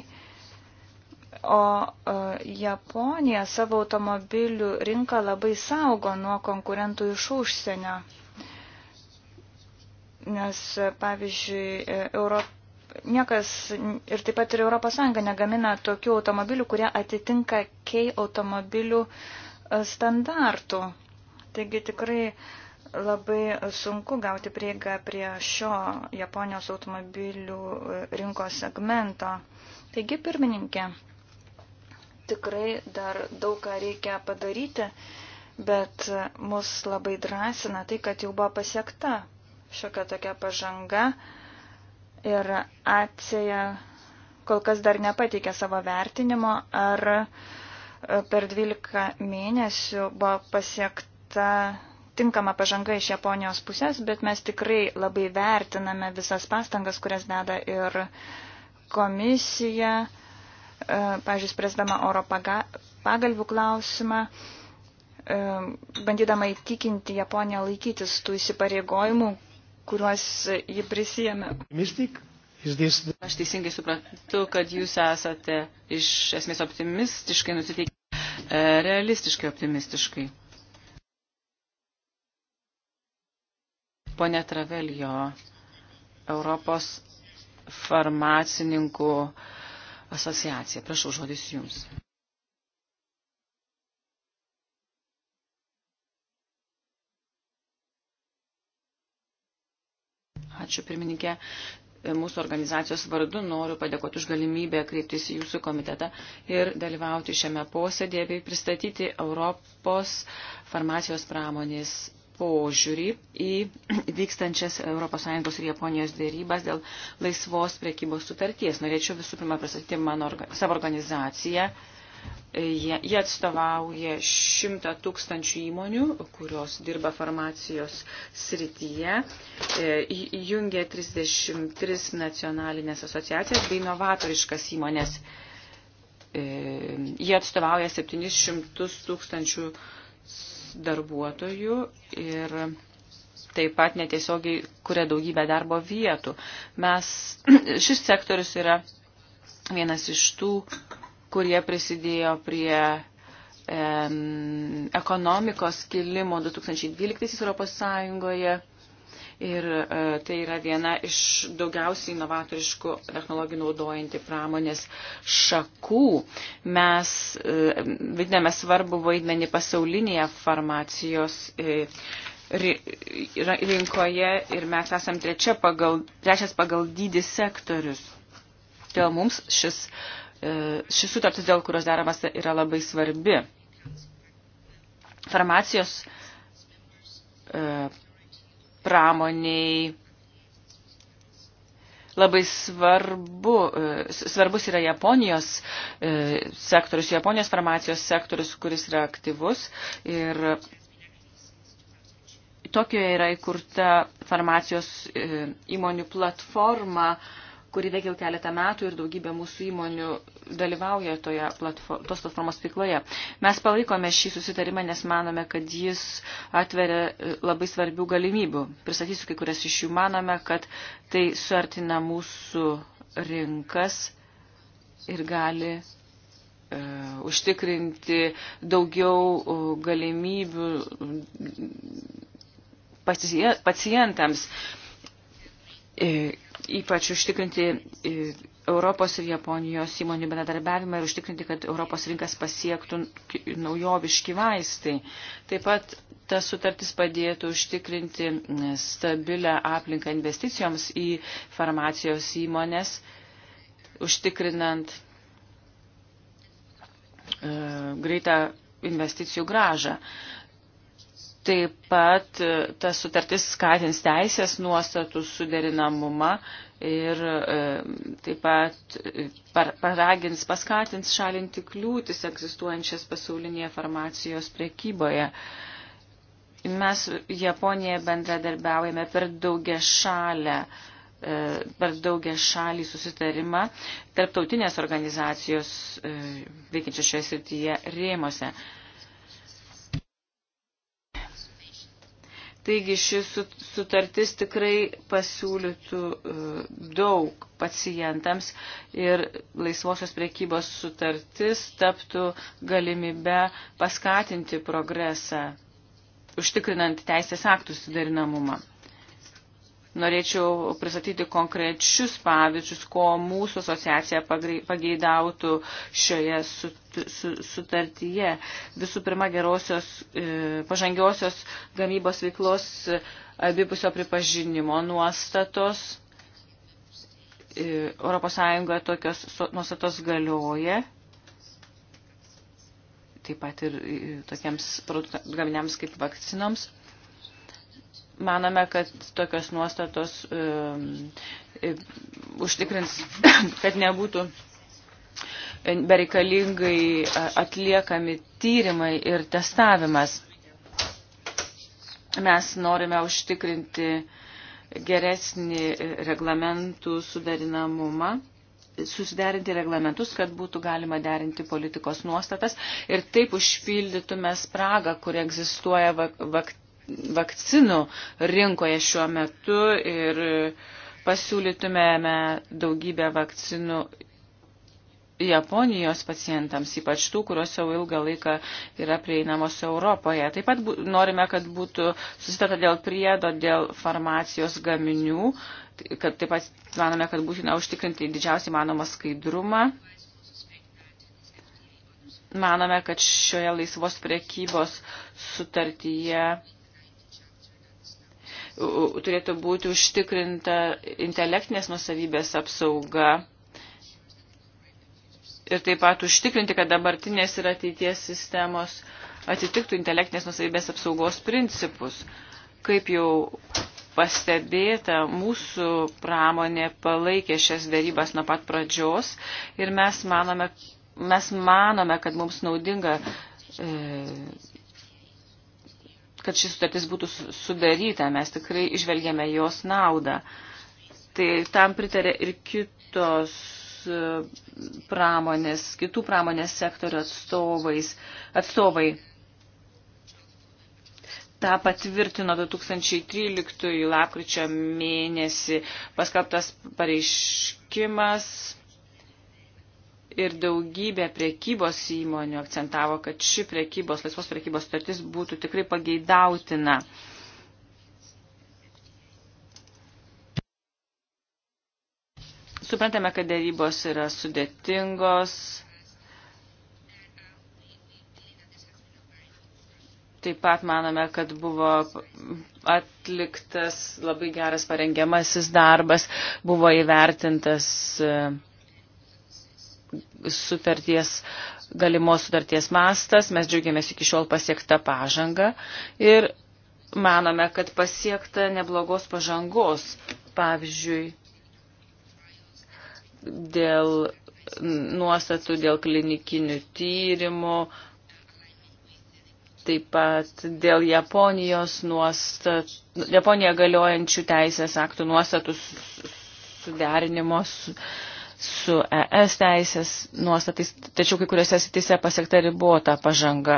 O e, Japonija savo automobilių rinką labai saugo nuo konkurentų iš užsienio. Nes, pavyzdžiui, e, Europ... niekas ir taip pat ir ES negamina tokių automobilių, kurie atitinka K automobilių e, standartų. Taigi tikrai labai sunku gauti prieigą prie šio Japonijos automobilių rinkos segmento. Taigi, pirmininkė, tikrai dar daug ką reikia padaryti, bet mus labai drąsina tai, kad jau buvo pasiekta šiokia tokia pažanga ir atsėja kol kas dar nepateikė savo vertinimo, ar e, per 12 mėnesių buvo pasiekta tinkama pažanga iš Japonijos pusės, bet mes tikrai labai vertiname visas pastangas, kurias deda ir komisija, E, pažiūrės, presdama oro pagalvių klausimą, e, bandydama įtikinti Japoniją laikytis tų įsipareigojimų, kuriuos ji prisijėmė. Aš teisingai suprantu, kad jūs esate iš esmės optimistiškai nusiteikę, e, realistiškai optimistiškai. Pone Travelio, Europos farmacininkų uh, asociacija. Prašau, žodis jums. Ačiū, pirmininkė. Mūsų organizacijos vardu noriu padėkoti už galimybę kreiptis į jūsų komitetą ir dalyvauti šiame posėdėje bei pristatyti Europos farmacijos pramonės požiūrį į vykstančias ES ir Japonijos dėrybas dėl laisvos priekybos sutarties. Norėčiau visų pirma pristatyti mano, savo organizaciją. Jie, jie atstovauja šimtą tūkstančių įmonių, kurios dirba farmacijos srityje, e, jungia 33 nacionalinės asociacijas bei novatoriškas įmonės. E, jie atstovauja 700 tūkstančių darbuotojų ir taip pat netiesiogiai kuria daugybę darbo vietų. Mes, šis sektorius yra vienas iš tų, kurie prisidėjo prie e, ekonomikos kilimo 2012 Europos Sąjungoje ir e, tai yra viena iš daugiausiai inovatoriškų technologijų naudojanti pramonės šakų. Mes e, vidiname svarbu vaidmenį pasaulinėje farmacijos e, rinkoje ir mes esam trečia pagal, trečias pagal dydį sektorius. Todėl mums šis, šis sutartis, dėl kurios deramas, yra labai svarbi. Farmacijos pramoniai labai svarbu, e, svarbus yra Japonijos e, sektorius, Japonijos farmacijos sektorius, kuris yra aktyvus ir Tokijoje yra įkurta farmacijos e, įmonių platforma, kuri veikia jau keletą metų ir daugybė mūsų įmonių dalyvauja toje platform, tos platformos veikloje. Mes palaikome šį susitarimą, nes manome, kad jis atveria e, labai svarbių galimybių. Pristatysiu kai kurias iš jų. Manome, kad tai suartina mūsų rinkas ir gali e, užtikrinti daugiau e, galimybių pacientams ypač užtikrinti e, Europos ir Japonijos įmonių bendradarbiavimą ir užtikrinti, kad Europos rinkas pasiektų naujoviški vaistai. Taip pat ta sutartis padėtų užtikrinti stabilę aplinką investicijoms į farmacijos įmonės, užtikrinant e, greitą investicijų gražą. E, Taip pat e, ta sutartis skatins teisės nuostatų suderinamumą ir e, taip pat e, paragins, paskatins šalinti kliūtis egzistuojančias pasaulinėje farmacijos prekyboje. Mes Japonijoje bendradarbiaujame per daugia šalę per daugia šalį susitarimą tarptautinės organizacijos veikiančios šioje srityje rėmose. Taigi ši sutartis tikrai pasiūlytų e, daug pacientams ir laisvosios priekybos sutartis taptų galimybę paskatinti progresą, užtikrinant teisės aktų sudarinamumą. Norėčiau pristatyti konkrečius pavyzdžius, ko mūsų asociacija pageidautų šioje sutartyje. Visų pirma, gerosios, e, pažangiosios gamybos veiklos e, abipusio pripažinimo nuostatos. E, Europos Sąjungoje tokios nuostatos galioja taip pat ir tokiems gaminiams kaip vakcinoms. Manome, kad tokios nuostatos e, užtikrins, kad nebūtų bereikalingai atliekami tyrimai ir testavimas. Mes norime užtikrinti geresnį reglamentų sudarinamumą susiderinti reglamentus, kad būtų galima derinti politikos nuostatas ir taip užpildytume spragą, kur egzistuoja vak, vak, vakcinų rinkoje šiuo metu ir pasiūlytumėme daugybę vakcinų Japonijos pacientams, ypač tų, kurios jau ilgą laiką yra prieinamos Europoje. Taip pat norime, kad būtų susitata dėl priedo, dėl farmacijos gaminių, kad taip pat manome, kad būtina užtikrinti didžiausiai manomą skaidrumą. Manome, kad šioje laisvos priekybos sutartyje turėtų būti užtikrinta intelektinės nusavybės apsauga ir taip pat užtikrinti, kad dabartinės ir ateities sistemos atitiktų intelektinės nusavybės apsaugos principus. Kaip jau pastebėta, mūsų pramonė palaikė šias darybas nuo pat pradžios ir mes manome, mes manome kad mums naudinga e, kad šis sutartis būtų sudaryta. Mes tikrai išvelgėme jos naudą. Tai tam pritarė ir kitos e, pramonės, kitų pramonės sektorių atstovais, atstovai. Ta patvirtino 2013 lapkričio mėnesį paskelbtas pareiškimas ir daugybė priekybos įmonių akcentavo, kad ši priekybos, laisvos priekybos sutartis būtų tikrai pageidautina. Suprantame, kad dėrybos yra sudėtingos. Taip pat manome, kad buvo atliktas labai geras parengiamasis darbas, buvo įvertintas uh, sutarties, galimos sutarties mastas, mes džiaugiamės iki šiol pasiektą pažangą ir manome, kad pasiekta neblogos pažangos, pavyzdžiui, dėl nuostatų, dėl klinikinių tyrimų, taip pat dėl Japonijos nuostatų, Japonija galiojančių teisės aktų nuostatų suderinimo su, su ES teisės nuostatais, tačiau kai kuriuose sitise pasiekta ribota pažanga.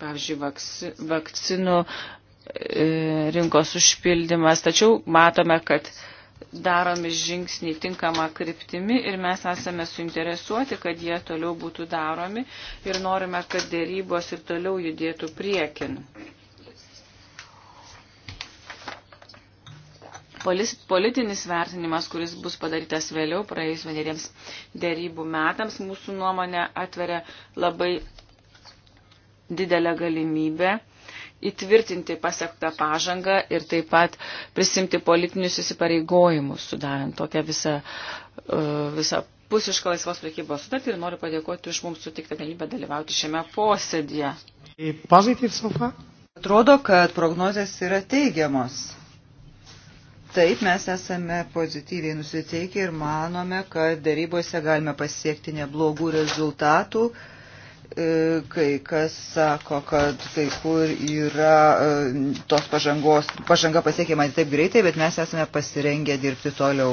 Pavyzdžiui, vakcinų e, rinkos užpildymas, tačiau matome, kad daromi žingsniai tinkama kryptimi ir mes esame suinteresuoti, kad jie toliau būtų daromi ir norime, kad dėrybos ir toliau judėtų priekin. Politinis vertinimas, kuris bus padarytas vėliau, praėjus vieneriems dėrybų metams, mūsų nuomonė atveria labai didelę galimybę įtvirtinti pasiektą pažangą ir taip pat prisimti politinius įsipareigojimus, sudarant tokią visą, e, visą pusišką laisvos prekybos sutartį ir noriu padėkoti už mums sutiktą galimybę dalyvauti šiame posėdėje. Atrodo, kad prognozijas yra teigiamos. Taip, mes esame pozityviai nusiteikę ir manome, kad darybose galime pasiekti neblogų rezultatų. E, kai kas sako, kad kai kur yra e, tos pažangos, pažanga pasiekiama taip greitai, bet mes esame pasirengę dirbti toliau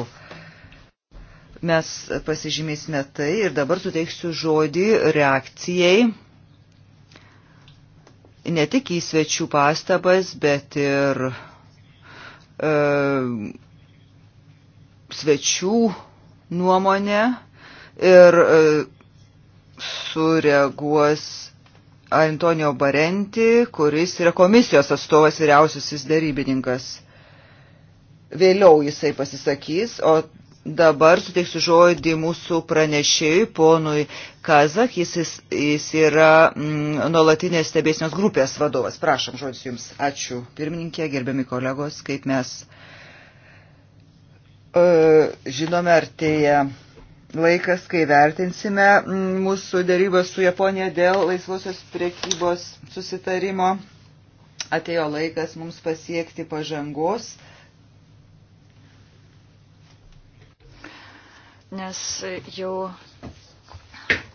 mes pasižymėsime tai ir dabar suteiksiu žodį reakcijai ne tik į svečių pastabas, bet ir e, svečių nuomonę ir e, sureaguos Antonio Barenti, kuris yra komisijos atstovas vyriausiasis darybininkas. Vėliau jisai pasisakys, o dabar suteiksiu žodį mūsų pranešėjui, ponui Kazak, jis, jis, jis yra mm, nuolatinės stebėsnios grupės vadovas. Prašom, žodis jums. Ačiū, pirmininkė, gerbiami kolegos, kaip mes e, žinome, artėja laikas, kai vertinsime mm, mūsų dėrybas su Japonija dėl laisvosios priekybos susitarimo. Atėjo laikas mums pasiekti pažangos. E, nes jau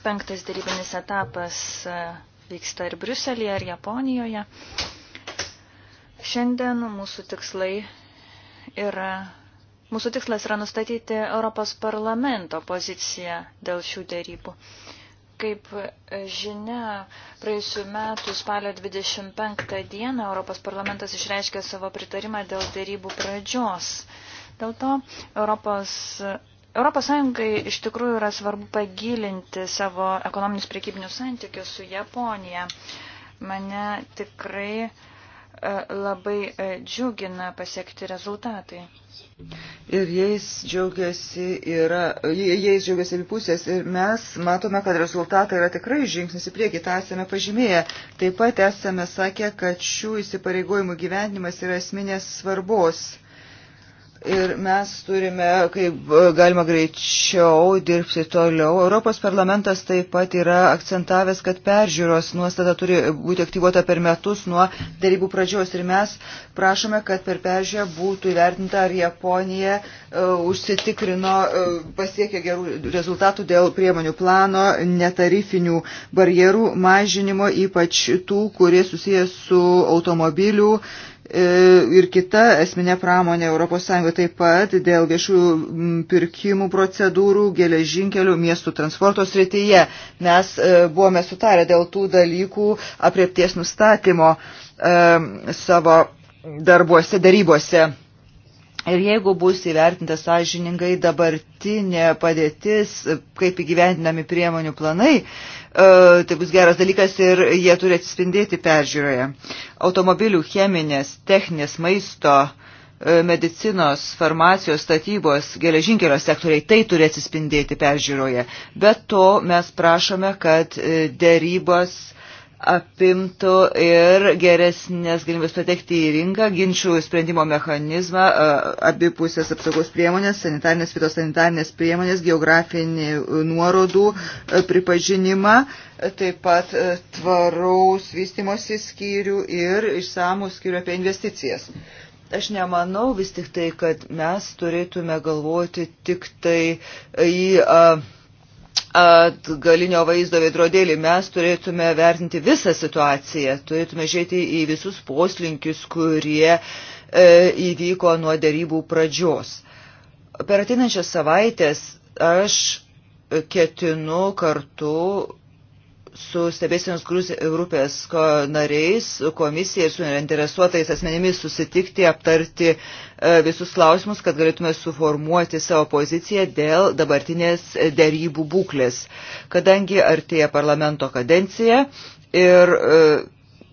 penktas darybinis etapas e, vyksta ir Briuselėje, ir Japonijoje. Šiandien mūsų tikslai yra. Mūsų tikslas yra nustatyti Europos parlamento poziciją dėl šių dėrybų. Kaip žinia, praėjusiu metu spalio 25 dieną Europos parlamentas išreiškė savo pritarimą dėl dėrybų pradžios. Dėl to Europos Europos Sąjungai iš tikrųjų yra svarbu pagilinti savo ekonominius priekybinius santykius su Japonija. Mane tikrai e, labai e, džiugina pasiekti rezultatai. Ir jais džiaugiasi, yra, jais džiaugiasi abi pusės ir mes matome, kad rezultatai yra tikrai žingsnis į priekį, tą esame pažymėję. Taip pat esame sakę, kad šių įsipareigojimų gyvenimas yra esminės svarbos Ir mes turime, kaip e, galima greičiau, dirbti toliau. Europos parlamentas taip pat yra akcentavęs, kad peržiūros nuostata turi būti aktyvuota per metus nuo darybų pradžios. Ir mes prašome, kad per peržiūrą būtų įvertinta, ar Japonija uh, užsitikrino, uh, pasiekė gerų rezultatų dėl priemonių plano, netarifinių barjerų mažinimo, ypač tų, kurie susijęs su automobilių E, ir kita esminė pramonė ES taip pat dėl viešų pirkimų procedūrų, geležinkelių, miestų transporto srityje. Mes e, buvome sutarę dėl tų dalykų apriepties nustatymo e, savo darbuose, darybose. Ir jeigu bus įvertinta sąžiningai dabartinė padėtis, kaip įgyvendinami priemonių planai, e, tai bus geras dalykas ir jie turi atsispindėti peržiūroje. Automobilių cheminės, techninės, maisto, e, medicinos, farmacijos, statybos, geležinkelio sektoriai, tai turi atsispindėti peržiūroje. Bet to mes prašome, kad e, dėrybos apimtų ir geresnės galimybės patekti į rinką, ginčių sprendimo mechanizmą, abipusės apsaugos priemonės, sanitarnės, fitosanitarnės priemonės, geografinį nuorodų pripažinimą, taip pat tvaraus vystimosi skyrių ir išsamų skyrių apie investicijas. Aš nemanau vis tik tai, kad mes turėtume galvoti tik tai į. Uh, atgalinio vaizdo veidrodėlį. Mes turėtume vertinti visą situaciją, turėtume žiūrėti į visus poslinkius, kurie e, įvyko nuo dėrybų pradžios. Per ateinančias savaitės aš ketinu kartu su stebėsienos grupės nariais, komisija ir su interesuotais asmenimis susitikti, aptarti e, visus klausimus, kad galėtume suformuoti savo poziciją dėl dabartinės dėrybų būklės. Kadangi artėja parlamento kadencija ir e,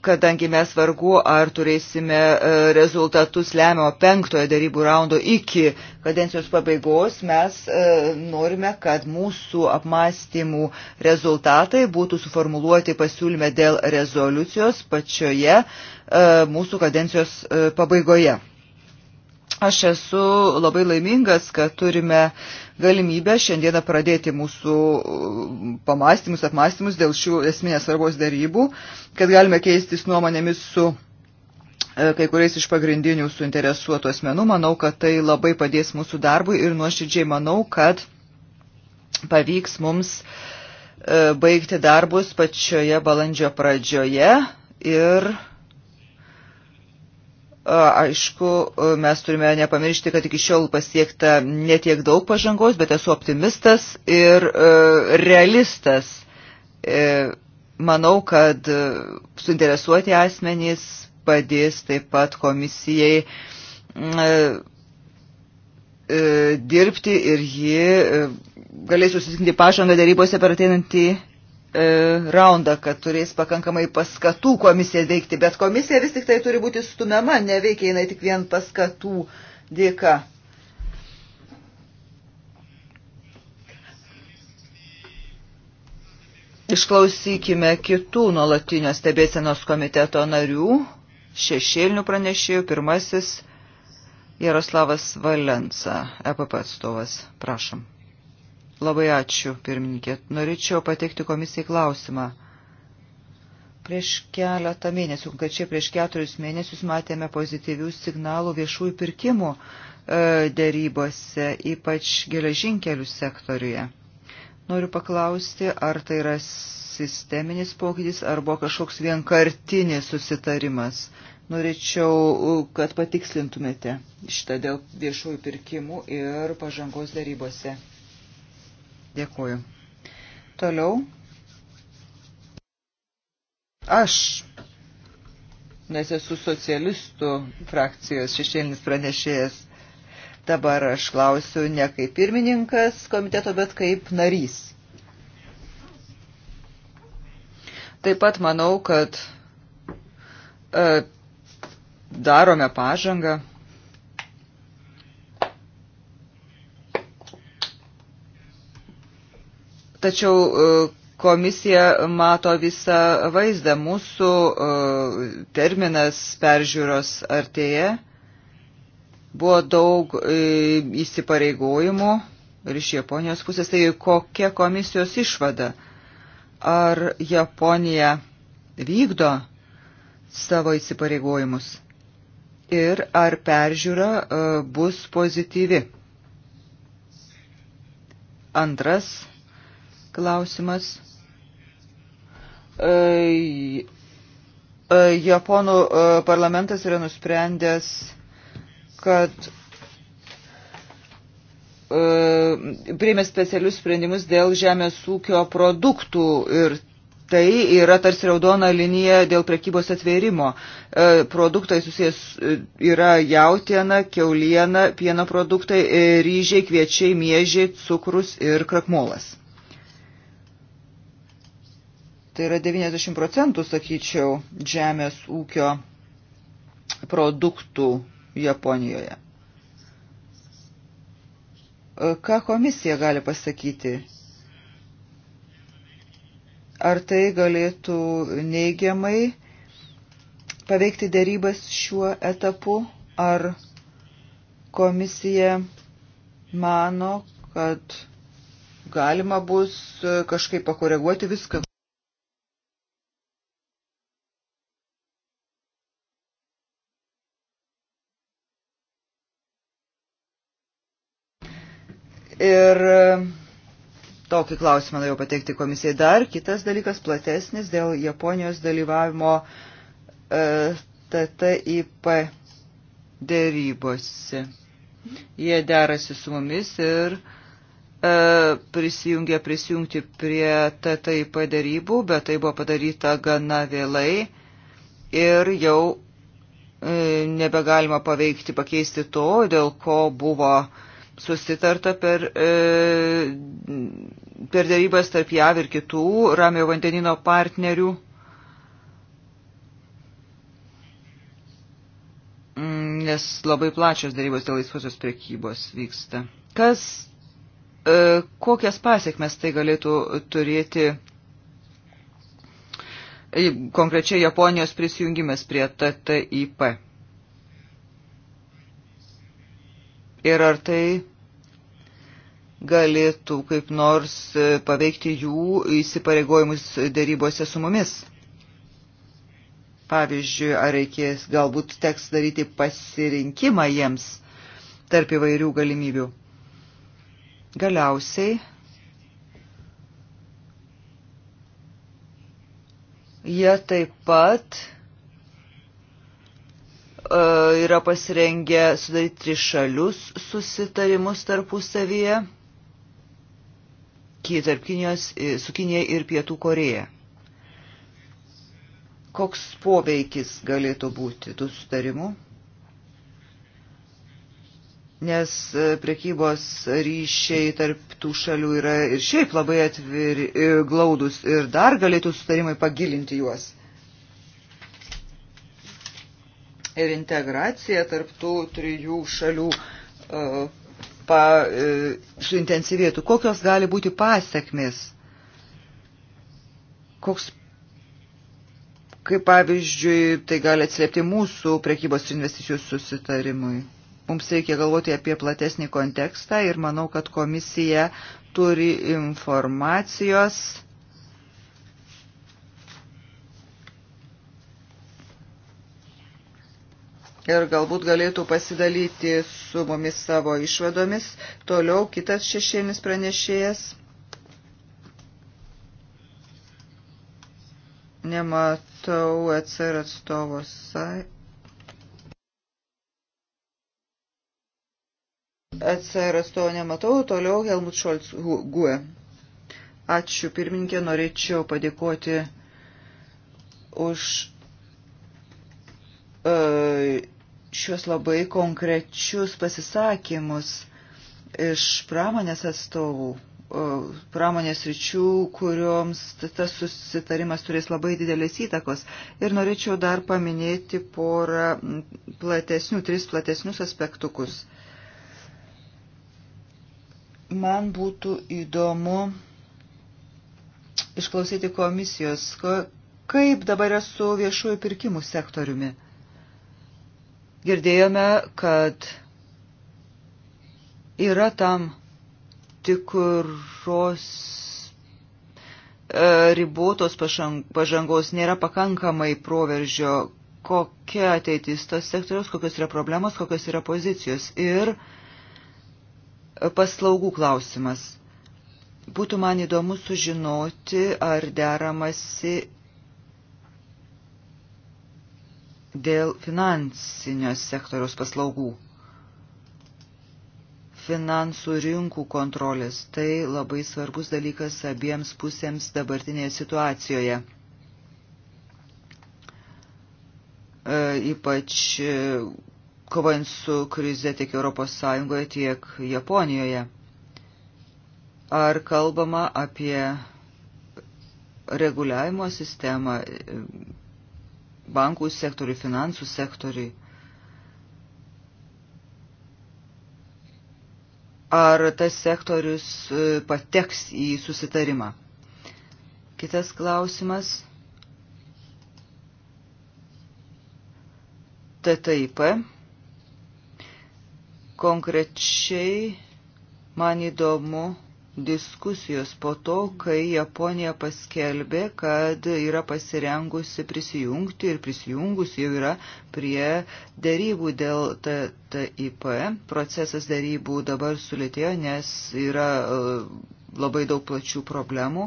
kadangi mes vargu ar turėsime e, rezultatus lemio penktojo darybų raundo iki kadencijos pabaigos, mes e, norime, kad mūsų apmąstymų rezultatai būtų suformuluoti pasiūlyme dėl rezoliucijos pačioje e, mūsų kadencijos pabaigoje. Aš esu labai laimingas, kad turime galimybę šiandieną pradėti mūsų uh, pamastymus, apmastymus dėl šių esminės svarbos darybų, kad galime keistis nuomonėmis su uh, kai kuriais iš pagrindinių suinteresuotų asmenų. Manau, kad tai labai padės mūsų darbui ir nuoširdžiai manau, kad pavyks mums uh, baigti darbus pačioje balandžio pradžioje ir Aišku, mes turime nepamiršti, kad iki šiol pasiekta netiek daug pažangos, bet esu optimistas ir e, realistas. E, manau, kad e, suinteresuoti asmenys padės taip pat komisijai dirbti ir ji galės susitinti pažangą darybose per ateinantį E, raundą, kad turės pakankamai paskatų komisija veikti, bet komisija vis tik tai turi būti stumiama, neveikia jinai tik vien paskatų dėka. Išklausykime kitų nuolatinio stebėsenos komiteto narių, šešėlinių pranešėjų, pirmasis Jaroslavas Valensa, EPP atstovas. Prašom. Labai ačiū, pirmininkė. Norėčiau pateikti komisijai klausimą. Prieš keletą mėnesių, konkrečiai prieš keturis mėnesius matėme pozityvių signalų viešųjų pirkimų e, dėrybose, ypač geležinkelių sektoriuje. Noriu paklausti, ar tai yra sisteminis pokytis, ar buvo kažkoks vienkartinis susitarimas. Norėčiau, kad patikslintumėte šitą dėl viešųjų pirkimų ir pažangos darybose. Dėkuoju. Toliau. Aš, nes esu socialistų frakcijos šešėlinis pranešėjas, dabar aš klausiu ne kaip pirmininkas komiteto, bet kaip narys. Taip pat manau, kad e, darome pažangą Tačiau e, komisija mato visą vaizdą. Mūsų e, terminas peržiūros artėja. Buvo daug e, įsipareigojimų ir iš Japonijos pusės. Tai kokia komisijos išvada? Ar Japonija vykdo savo įsipareigojimus? Ir ar peržiūra bus pozityvi? Antras klausimas. E, e, Japonų e, parlamentas yra nusprendęs, kad priėmė specialius sprendimus dėl žemės ūkio produktų ir tai yra tarsi raudona linija dėl prekybos atvėrimo. Produktai susijęs yra jautiena, keuliena, pieno produktai, ryžiai, kviečiai, miežiai, cukrus ir krakmolas. Tai yra 90 procentų, sakyčiau, žemės ūkio produktų Japonijoje. E, ką komisija gali pasakyti? Ar tai galėtų neigiamai paveikti dėrybas šiuo etapu? Ar komisija mano, kad galima bus e, kažkaip pakoreguoti viską? Ir e, tokį klausimą norėjau pateikti komisijai. Dar kitas dalykas platesnis dėl Japonijos dalyvavimo e, TTIP dėrybose. Jie derasi su mumis ir e, prisijungė prisijungti prie TTIP dėrybų, bet tai buvo padaryta gana vėlai ir jau e, nebegalima paveikti, pakeisti to, dėl ko buvo e, susitarta per, e, per dėrybas tarp JAV ir kitų ramio vandenino partnerių. Mm, nes labai plačios darybos dėl laisvosios priekybos vyksta. Kas, e, kokias pasiekmes tai galėtų turėti konkrečiai Japonijos prisijungimas prie TTIP? ir ar tai galėtų kaip nors e, paveikti jų įsipareigojimus dėrybose su mumis. Pavyzdžiui, ar reikės, galbūt teks daryti pasirinkimą jiems tarp įvairių galimybių. Galiausiai jie taip pat E, yra pasirengę sudaryti trišalius susitarimus tarpusavyje tarp Kinijos, e, su Kinija ir Pietų Koreja. Koks poveikis galėtų būti tų sutarimų? Nes e, prekybos ryšiai tarp tų šalių yra ir šiaip labai atviri, glaudus ir dar galėtų sutarimai pagilinti juos. ir integracija tarptų trijų šalių e, pa, e, suintensyvėtų. Kokios gali būti pasiekmės? Koks, kaip pavyzdžiui, tai gali atsiliepti mūsų prekybos ir investicijų susitarimui? Mums reikia galvoti apie platesnį kontekstą ir manau, kad komisija turi informacijos ir galbūt galėtų pasidalyti su mumis savo išvadomis. Toliau kitas šešėlis pranešėjas. Nematau ECR atstovos. ECR atstovo nematau, toliau Helmut Scholz Gue. Ačiū pirmininkė, norėčiau padėkoti už uh, e, šiuos labai konkrečius pasisakymus iš pramonės atstovų, pramonės ryčių, kurioms tas susitarimas turės labai didelės įtakos. Ir norėčiau dar paminėti porą platesnių, tris platesnius aspektukus. Man būtų įdomu išklausyti komisijos, kaip dabar yra su viešųjų pirkimų sektoriumi girdėjome, kad yra tam tikros e, ribotos pažangos, nėra pakankamai proveržio, kokia ateitis tas sektorius, kokios yra problemos, kokios yra pozicijos ir e, paslaugų klausimas. Būtų man įdomu sužinoti, ar deramasi dėl finansinio sektoriaus paslaugų, finansų rinkų kontrolės. Tai labai svarbus dalykas abiems pusėms dabartinėje situacijoje. E, ypač e, kovojant su krize tiek ES, tiek Japonijoje. Ar kalbama apie reguliavimo sistemą, bankų sektoriui, finansų sektoriui. Ar tas sektorius e, pateks į susitarimą? Kitas klausimas. TTIP. Konkrečiai man įdomu diskusijos po to, kai Japonija paskelbė, kad yra pasirengusi prisijungti ir prisijungusi jau yra prie darybų dėl TTIP. Procesas darybų dabar sulėtėjo, nes yra labai daug plačių problemų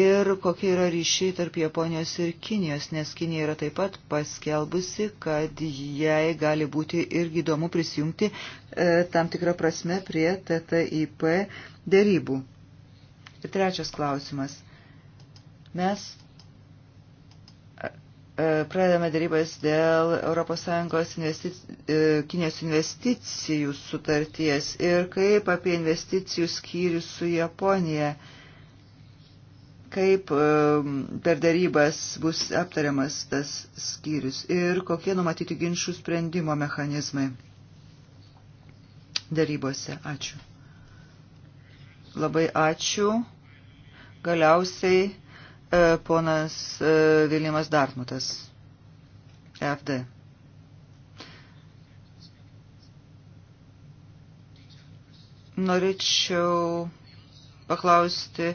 ir kokie yra ryšiai tarp Japonijos ir Kinijos, nes Kinija yra taip pat paskelbusi, kad jai gali būti irgi įdomu prisijungti e, tam tikrą prasme prie TTIP dėrybų. Ir trečias klausimas. Mes E, pradedame darybas dėl ES investic... E, Kinijos investicijų sutarties ir kaip apie investicijų skyrių su Japonija, kaip e, per darybas bus aptariamas tas skyrius ir kokie numatyti ginčių sprendimo mechanizmai darybose. Ačiū. Labai ačiū. Galiausiai E, ponas e, Viljamas Dartmutas, FD. Norėčiau paklausti e,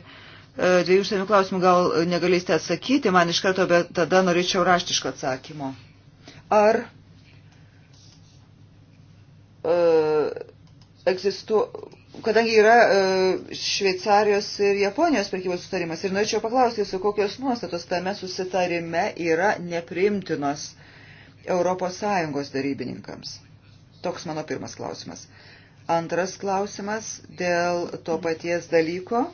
dviejų užsienio klausimų, gal negalėsite atsakyti man iš karto, bet tada norėčiau raštiško atsakymo. Ar uh, egzistuoja kadangi yra e, Šveicarijos ir Japonijos prekybos sutarimas ir norėčiau paklausti jūsų, kokios nuostatos tame susitarime yra nepriimtinos Europos Sąjungos darybininkams. Toks mano pirmas klausimas. Antras klausimas dėl to paties dalyko.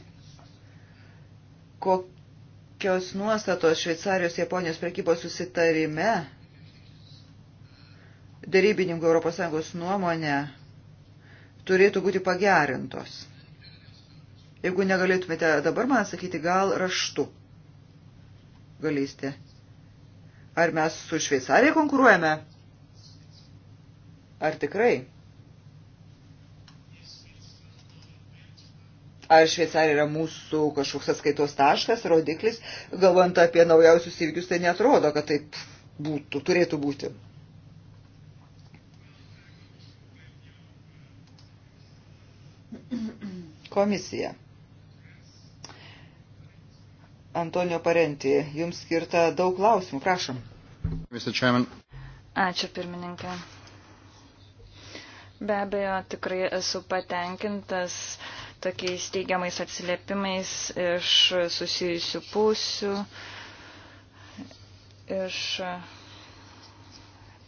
Kokios nuostatos Šveicarijos-Japonijos prekybos susitarime darybininkų ES nuomonė turėtų būti pagerintos. Jeigu negalėtumėte dabar man sakyti, gal raštu galėsite. Ar mes su Šveicarija konkuruojame? Ar tikrai? Ar Šveicarija yra mūsų kažkoks atskaitos taškas, rodiklis, galvant apie naujausius įvykius, tai netrodo, kad taip būtų, turėtų būti. Komisija. Antonio Parenti, jums skirta daug klausimų, prašom. Ačiū pirmininkė. Be abejo, tikrai esu patenkintas tokiais teigiamais atsiliepimais iš susijusių pusių, iš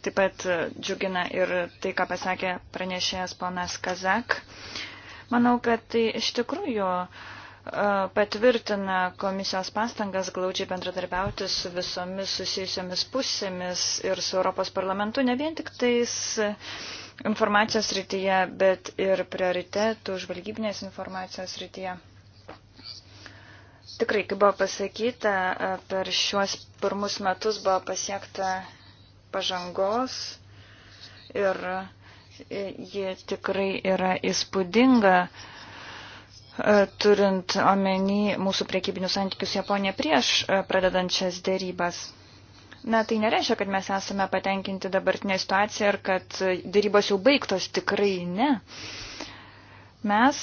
taip pat džiugina ir tai, ką pasakė pranešėjas ponas Kazak. Uh, Manau, kad tai iš tikrųjų e, patvirtina komisijos pastangas glaudžiai bendradarbiauti su visomis susijusiomis pusėmis ir su Europos parlamentu, ne vien tik tais informacijos rytyje, bet ir prioritetų žvalgybinės informacijos rytyje. Tikrai, kaip buvo pasakyta, e, per šiuos pirmus metus buvo pasiekta pažangos ir uh, ji tikrai yra įspūdinga, e, turint omeny mūsų priekybinius santykius Japonija prieš e, pradedančias dėrybas. Na, tai nereiškia, kad mes esame patenkinti dabartinę situaciją ir kad dėrybos jau baigtos, tikrai ne. Mes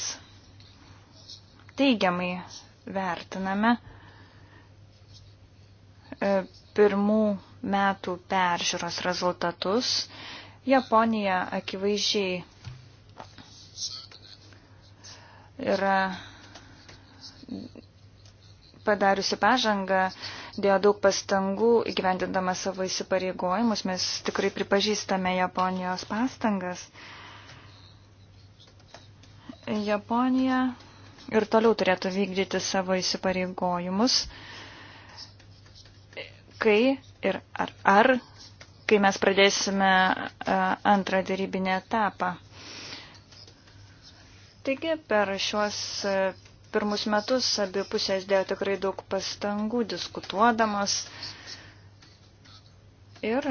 teigiamai vertiname e, pirmų metų peržiūros rezultatus Japonija akivaizdžiai yra padariusi pažangą, dėjo daug pastangų įgyvendindama savo įsipareigojimus. Mes tikrai pripažįstame Japonijos pastangas. Japonija ir toliau turėtų vykdyti savo įsipareigojimus, kai ir ar, ar kai mes pradėsime e, antrą darybinį etapą. Taigi per šiuos e, pirmus metus abi pusės dėjo tikrai daug pastangų diskutuodamos ir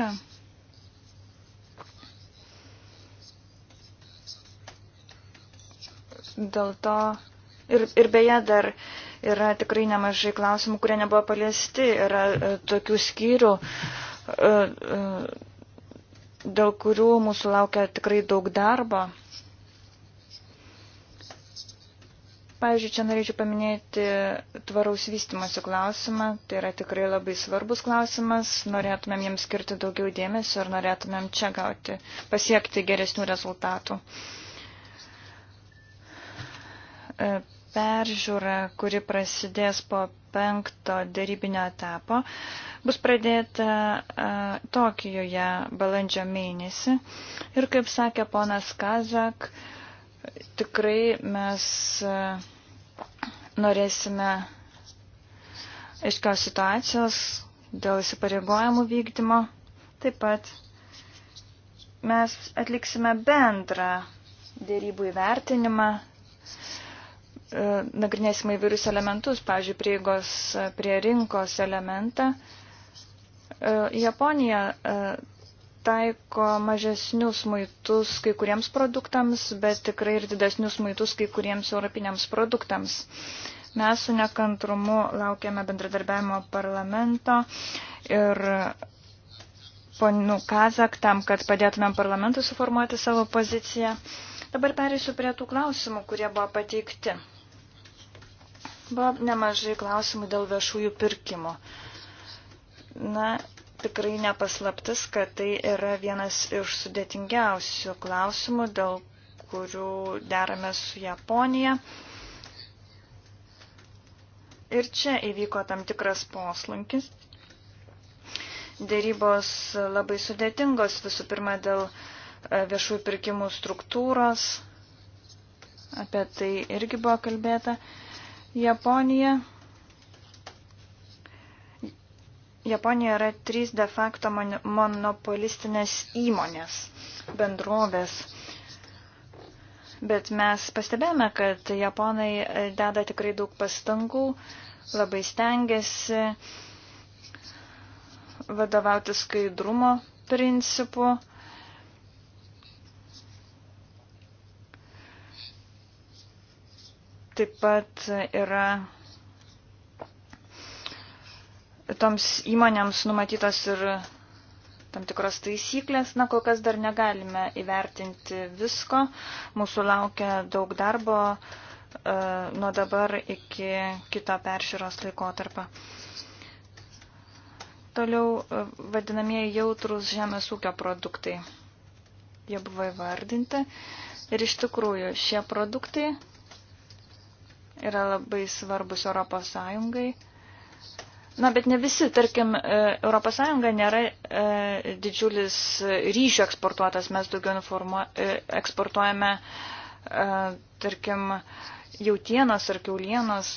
dėl to ir, ir beje dar yra tikrai nemažai klausimų, kurie nebuvo paliesti, yra e, tokių skyrių, E, e, dėl kurių mūsų laukia tikrai daug darbo. Pavyzdžiui, čia norėčiau paminėti tvaraus vystimosi klausimą. Tai yra tikrai labai svarbus klausimas. Norėtumėm jiems skirti daugiau dėmesio ir norėtumėm čia gauti, pasiekti geresnių rezultatų. E, peržiūra, kuri prasidės po penkto darybinio etapo, bus pradėta uh, Tokijoje balandžio mėnesį. Ir kaip sakė ponas Kazak, tikrai mes uh, norėsime aiškios situacijos dėl įsipareigojimų vykdymo. Taip pat mes atliksime bendrą dėrybų įvertinimą E, nagrinėsime įvairius elementus, pavyzdžiui, prieigos e, prie rinkos elementą. E, Japonija taiko mažesnius muitus kai kuriems produktams, bet tikrai ir didesnius muitus kai kuriems europiniams produktams. Mes su nekantrumu laukiame bendradarbiavimo parlamento ir ponų Kazak tam, kad padėtumėm parlamentui suformuoti savo poziciją. Dabar perėsiu prie tų klausimų, kurie buvo pateikti. Buvo nemažai klausimų dėl viešųjų pirkimų. Na, tikrai nepaslaptis, kad tai yra vienas iš sudėtingiausių klausimų, dėl kurių derame su Japonija. Ir čia įvyko tam tikras poslunkis. Dėrybos labai sudėtingos, visų pirma, dėl e, viešųjų pirkimų struktūros. Apie tai irgi buvo kalbėta. Japonija. Japonija yra trys de facto monopolistinės įmonės, bendrovės. Bet mes pastebėjome, kad japonai deda tikrai daug pastangų, labai stengiasi vadovauti skaidrumo principu. Taip pat yra toms įmonėms numatytos ir tam tikros taisyklės. Na, kol kas dar negalime įvertinti visko. Mūsų laukia daug darbo e, nuo dabar iki kito peržiūros laikotarpio. Toliau e, vadinamieji jautrus žemės ūkio produktai. Jie buvo įvardinti. Ir iš tikrųjų šie produktai yra labai svarbus Europos Sąjungai. Na, bet ne visi, tarkim, e, Europos Sąjunga nėra e, didžiulis ryšių eksportuotas, mes daugiau informuo, e, eksportuojame, e, tarkim, jautienos ar kiaulienos.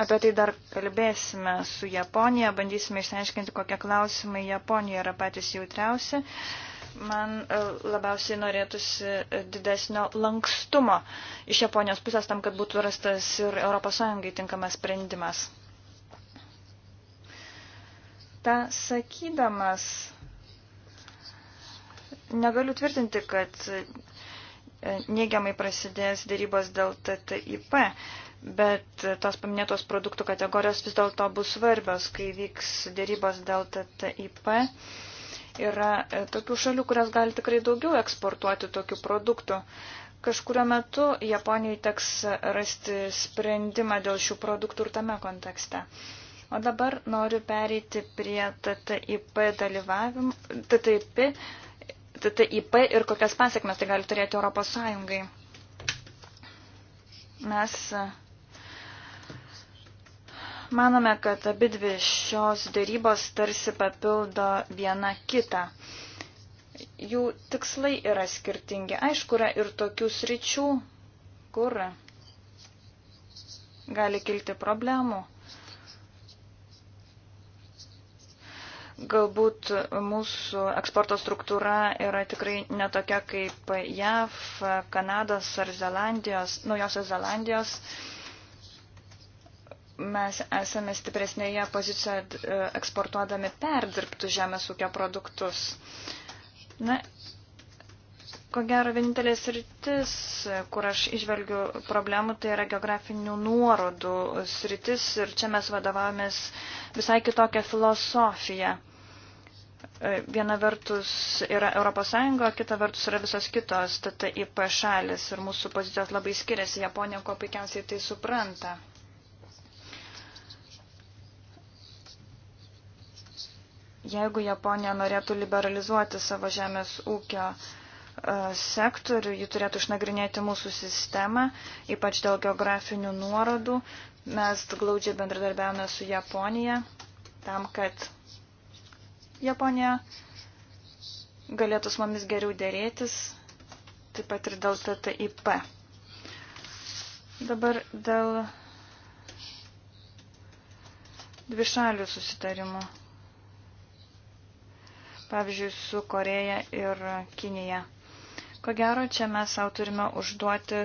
Apie tai dar kalbėsime su Japonija, bandysime išsiaiškinti, kokie klausimai Japonija yra patys jautriausi. E, man e, labiausiai norėtųsi e, didesnio lankstumo iš Japonijos pusės tam, kad būtų rastas ir ES tinkamas sprendimas. Ta sakydamas, negaliu tvirtinti, kad e, neigiamai prasidės dėrybos dėl TTIP, bet tos paminėtos produktų kategorijos vis dėlto bus svarbios, kai vyks dėrybos dėl TTIP. Yra e, tokių šalių, kurios gali tikrai daugiau eksportuoti tokių produktų. Kažkurio metu Japonijai teks rasti sprendimą dėl šių produktų ir tame kontekste. O dabar noriu pereiti prie TTIP dalyvavimo, TTIP, TTIP ir kokias pasiekmes tai gali turėti Europos Sąjungai. Mes Manome, kad abi dvi šios darybos tarsi papildo viena kitą. Jų tikslai yra skirtingi. Aišku, yra ir tokių sričių, kur gali kilti problemų. galbūt mūsų eksporto struktūra yra tikrai netokia kaip JAV, Kanados ar Zelandijos, Naujosios Zelandijos. Uh, mes esame stipresnėje pozicijoje e, eksportuodami perdirbtų žemės ūkio produktus. Na, ko gero, vienintelės rytis, kur aš išvelgiu problemų, tai yra geografinių nuorodų sritis ir čia mes vadovavomės visai kitokią filosofiją e, viena vertus yra ES, kita vertus yra visos kitos TTIP šalis ir mūsų pozicijos labai skiriasi. Japonija ko puikiausiai tai supranta. Jeigu Japonija norėtų liberalizuoti savo žemės ūkio e, sektorių, ji turėtų išnagrinėti mūsų sistemą, ypač dėl geografinių nuorodų. Mes glaudžiai bendradarbiavome su Japonija tam, kad Japonija galėtų su mumis geriau dėrėtis, taip pat ir dėl TTIP. Dabar dėl dvišalių susitarimų pavyzdžiui, su Koreja ir Kinija. Ko gero, čia mes savo turime užduoti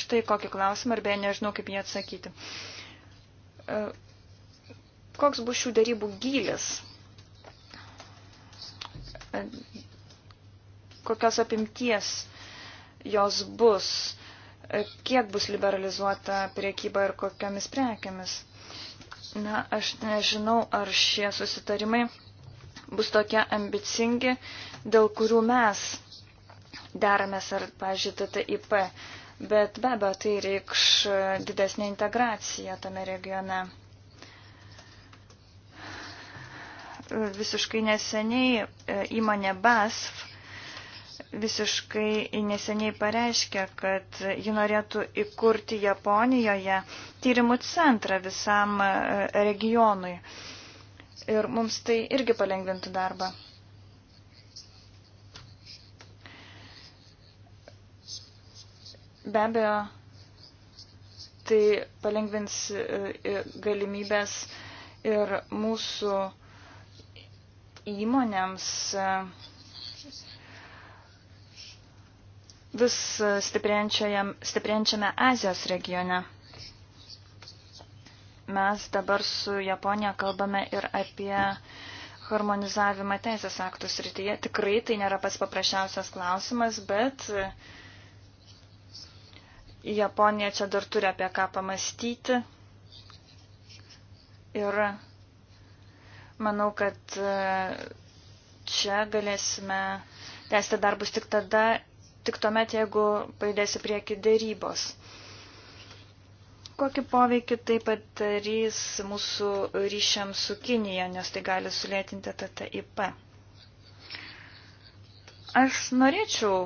štai kokį klausimą, ar beje nežinau, kaip jį atsakyti. E, koks bus šių darybų gylis? E, kokios apimties jos bus? E, kiek bus liberalizuota priekyba ir kokiamis prekiamis? Na, aš nežinau, ar šie susitarimai bus tokie ambicingi, dėl kurių mes deramės ar, pažiūrėjau, TTIP. Bet be abejo, tai reikš didesnė integracija tame regione. Visiškai neseniai e, įmonė BASF visiškai neseniai pareiškė, kad ji norėtų įkurti Japonijoje tyrimų centrą visam e, regionui ir mums tai irgi palengvintų darbą. Be abejo, tai palengvins e, e, galimybės ir mūsų įmonėms e, vis stiprėjančiame Azijos regione. Mes dabar su Japonija kalbame ir apie harmonizavimą teisės aktų srityje. Tikrai tai nėra pats paprasčiausias klausimas, bet Japonija čia dar turi apie ką pamastyti. Ir manau, kad e, čia galėsime tęsti darbus tik tada, tik tuomet, jeigu pajudės į priekį dėrybos. Kokį poveikį tai padarys mūsų ryšiam su Kinija, nes tai gali sulėtinti TTIP? Aš norėčiau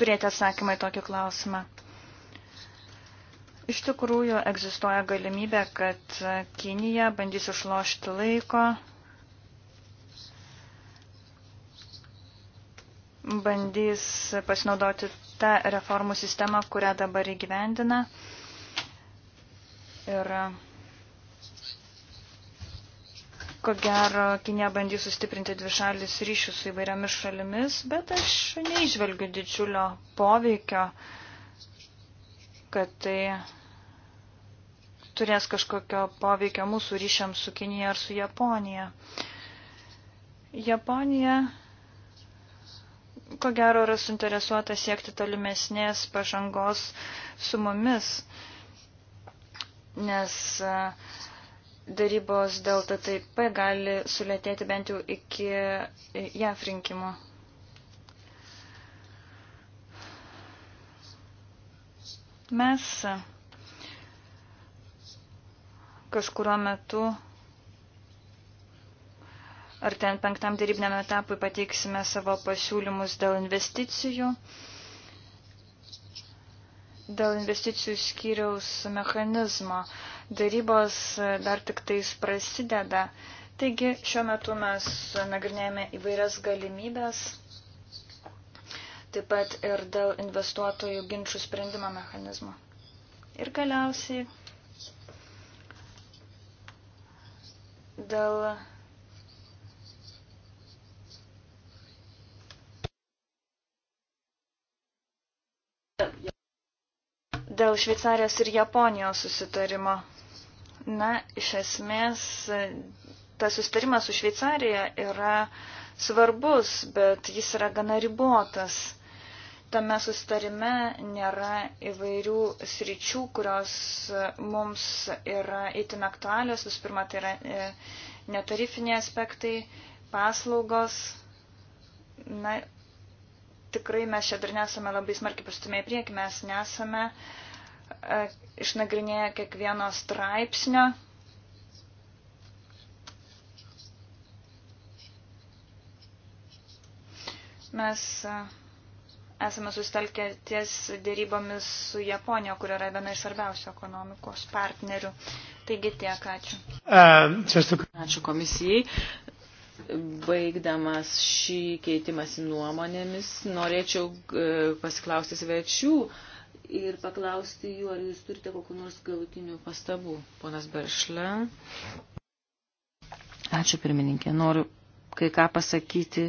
turėti atsakymą į tokį klausimą. Iš tikrųjų, egzistuoja galimybė, kad Kinija bandys išlošti laiko, bandys pasinaudoti tą reformų sistemą, kurią dabar įgyvendina. Ir ko gero, Kinė bandys sustiprinti dvišalis ryšius su įvairiamis šalimis, bet aš neižvelgiu didžiulio poveikio, kad tai turės kažkokio poveikio mūsų ryšiams su Kinija ar su Japonija. Japonija ko gero yra suinteresuota siekti tolimesnės pažangos su mumis. Uh, nes e, darybos dėl TTIP gali sulėtėti bent jau iki e, JAF rinkimo. Mes kažkurio metu ar ten penktam darybiniam etapui pateiksime savo pasiūlymus dėl investicijų. Uh, dėl investicijų skyriaus mechanizmo. Darybos e, dar tik tais prasideda. Taigi šiuo metu mes nagrinėjame įvairias galimybės, taip pat ir dėl investuotojų ginčių sprendimo mechanizmo. Ir galiausiai dėl dėl Šveicarijos ir Japonijos susitarimo. Na, iš esmės, tas susitarimas su Šveicarija yra svarbus, bet jis yra gana ribotas. Tame susitarime nėra įvairių sričių, kurios mums yra itin aktualios. Vis pirma, tai yra e, netarifiniai aspektai, paslaugos. Na, tikrai mes čia dar nesame labai smarkiai pastumėję prieki, mes nesame uh, E, išnagrinėję kiekvieno straipsnio. Mes e, esame sustelkę ties dėrybomis su Japonija, kur yra viena iš svarbiausių ekonomikos partnerių. Taigi tiek, ačiū. E, ačiū komisijai. Baigdamas šį keitimąsi nuomonėmis, norėčiau pasiklausti svečių. Uh, ir paklausti jų, ar jūs turite kokiu nors galutinių pastabų. Ponas Beršle. Ačiū pirmininkė. Noriu kai ką pasakyti.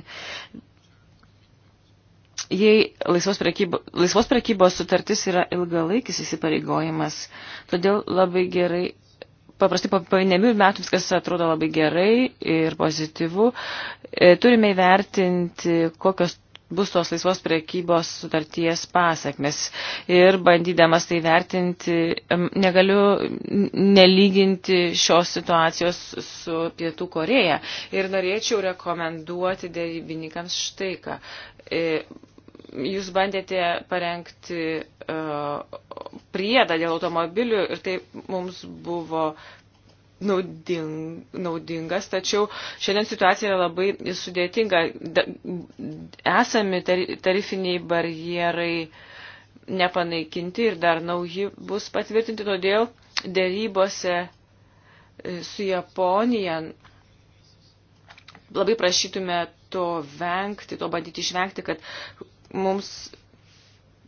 Jei laisvos, prekybo, laisvos prekybos sutartis yra ilgalaikis įsipareigojimas, todėl labai gerai paprastai po painėmių metų viskas atrodo labai gerai ir pozityvu. E, turime įvertinti, kokios bus tos laisvos priekybos sutarties pasiekmes. Ir bandydamas tai vertinti, negaliu nelyginti šios situacijos su Pietų Koreja. Ir norėčiau rekomenduoti dėrybininkams štai ką. E, jūs bandėte parengti uh, priedą dėl automobilių ir tai mums buvo nauding, naudingas, tačiau šiandien situacija yra labai sudėtinga. Da, esami tarifiniai barjerai nepanaikinti ir dar nauji bus patvirtinti, todėl dėrybose e, su Japonija labai prašytume to vengti, to bandyti išvengti, kad mums